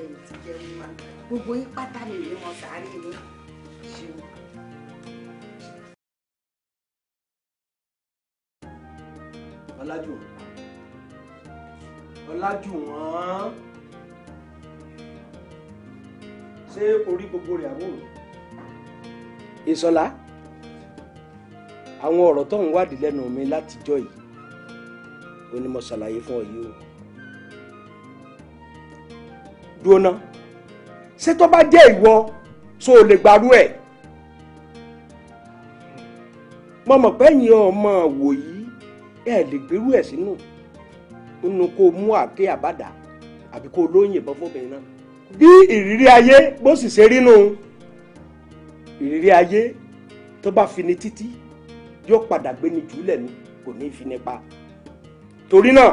ẹ̀yìn ti jẹ́ wíwá gbogbo yín pátá lè rí wọn sáré ní ṣeun. ọlájú ọlájú wọn ṣé orí gbogbo rẹ̀ àbúrò. ìsọlá àwọn ọ̀rọ̀ tó ń wádìí lẹ́nu mi látijọ́ yìí ó ní mo ṣàlàyé fún ọ yìí o dúró ná ṣé tó bá jẹ́ ìwọ so ò lè gbarú ẹ̀ mo mọ̀ pé ẹ̀yin ọmọ wò yìí ẹ̀ lè gbérú ẹ̀ sínú nínú kó mú àké àbádà àbí kó lóyìn ìbọn fóbìnrin náà bí ìrírí ayé bó sì ṣe rí nù ìrírí ayé tó bá fi ni títí yóò padà gbé ni jùlẹ̀ ni kò ní í fi nípa torí náà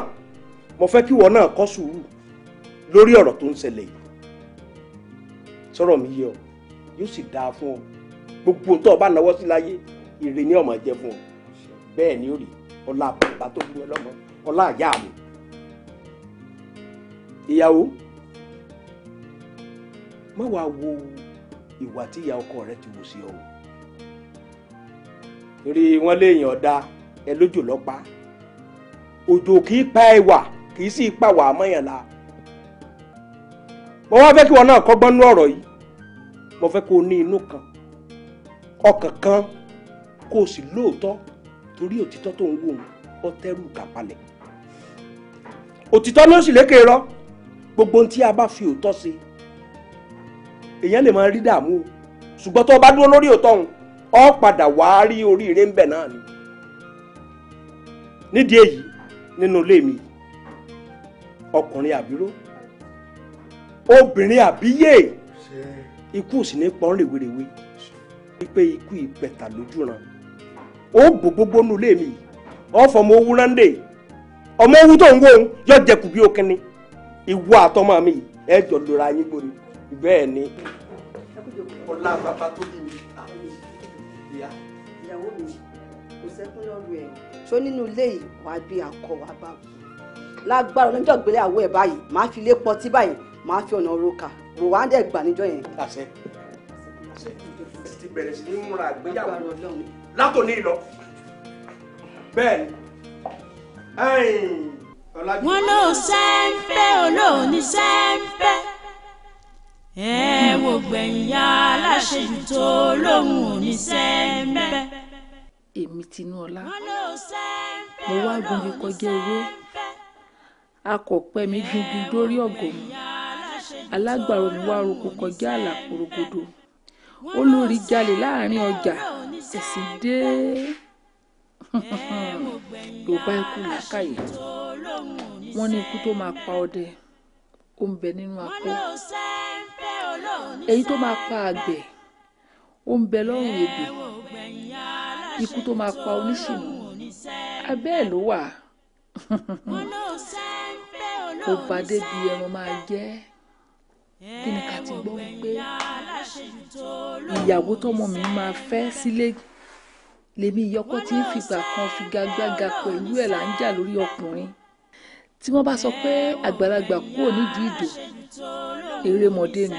mo fẹ́ kí ìwọ náà kọ́ sùúrù lórí ọ̀rọ̀ tó ń ṣẹlẹ̀ yìí sọ̀rọ̀ mi yé ọ yóò sì dáa fún ọ gbogbo tó o bá náwó sí láyé ire ni ọmọ jẹ fún ọ bẹ́ẹ̀ ni ó rí ọlá bàbá tó gbé ọlọ́mọ ọlá àyà mi ìyàwó má wàá wo ìwà tí ìyá ọkọ rẹ ti wò sí ọ o torí wọn léèyàn ọ̀dà ẹ lójú lọ́pàá òjò kì í pa ẹwà kì í sì pa wàá mọ́yàn mo wá fẹ́ kí wọn náà kọ́gbọ́n nú ọ̀rọ̀ yìí mo fẹ́ kó o ní inú kan ọkàn kan kó o sì lóòótọ́ torí òtítọ́ tó ń wò ó tẹ́rù kàpalẹ̀ òtítọ́ ló sì lékè rọ gbogbo ohun tí a bá fi òótọ́ ṣe èèyàn lè máa rí dààmú o ṣùgbọ́n tó o bá dúró lórí òótọ́ òun ọ padà wá rí oríire ń bẹ̀ náà ni nídìí èyí nínú ilé mi ọkùnrin àbíró obìnrin àbíyè ikú sì ní pọ́n rèwerèwe wípé ikú ìpẹ̀tà lójú ran ó bò gbogbo nù mi ọ̀fọ̀ ọmọ owó ránde ọmọ owó tó ń wò ń yọ jẹkù bí ìwọ mi ẹ jọ lóra yín gbóni bẹ́ẹ̀ ni. màá fi ọ̀nà roka bò wá dẹ̀ gbà níjọ́ yẹn. àṣẹ àṣẹ ti bẹ̀rẹ̀ sí ní múra àgbéyàwó látòní lọ bẹ́ẹ̀ ni wọn lóò sẹ́ńpẹ́ olóò ní sẹ́ńpẹ́ ẹ wò gbẹ̀yìn aláṣejù tó lóun ò ní sẹ́ńpẹ́. èmi tinúọlá mo wá gun kíkọjá ewé a kò pẹ́ mi gbingbin lórí ọ̀gọ̀mù alágbàro mi wá roko kọjá àlà korogodo ó lórí jalè láàrin ọjà kò sì dé ló bá ikú làákàyè wọ́n ní ikú tó máa pa ọdẹ ó ń bẹ nínú apó èyí tó máa pa àgbẹ̀ ó ń bẹ lọ́rùn ebè ikú tó máa pa oníṣìnà abẹ́ ẹ̀ ló wà ó bá débi ẹran máa jẹ́ kí ni ká ti gbọ́ pé ìyàwó tọmọ mi máa fẹ́ sílé lèmi ìyọkọ tí ń fìgbà kan figagbága pẹ̀lú ẹ̀ là ń jà lórí ọkùnrin tí wọ́n bá sọ pé àgbàlagbà kúrò nídìí ìdò eré mọ̀dé ni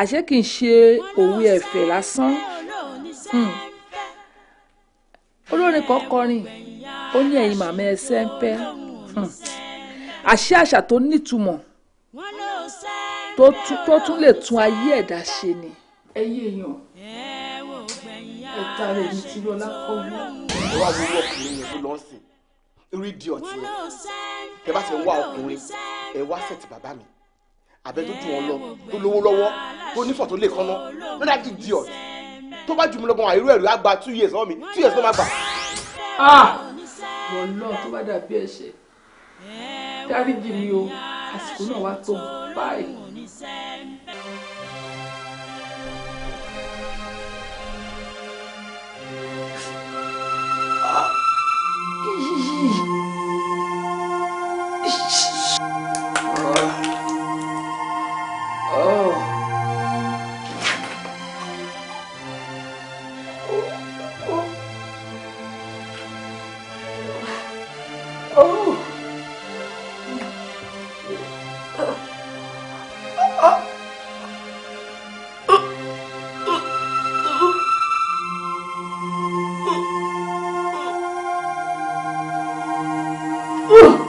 àṣé kì í ṣe òwe ẹ̀fẹ̀ lásán hmm. olórin kan kọrin ó ní ẹ̀yin màmá ẹsẹ̀ ń pẹ́ hmm. àṣà tó nítumọ̀ tó tún lè tún ayé ẹ̀dá ṣe ni. ẹyí èèyàn ẹ̀ta rẹ̀ ní tìlú ọlákọ̀wé. ẹ wá wúwo ọkùnrin yẹn tó lọ sìn irú ìdí ọtí yẹn ẹ bá ti wá ọkùnrin ẹ wá sẹ̀tì bàbá mi àbẹ tó dùn ọ lọ tó lówó lọ́wọ́ tó nífọ̀ tó lè kánná lọ́dà ìdí ọtí tó bá jù mí lọ́gbọ̀n àìrú ẹ̀rú àgbà two years lọ́wọ́ mi two years ló má gbà. Ah! wọ́n tó bá dàbí ẹ̀ṣẹ̀ dáríjì mi o àsìkò náà wá tó báyìí Oh.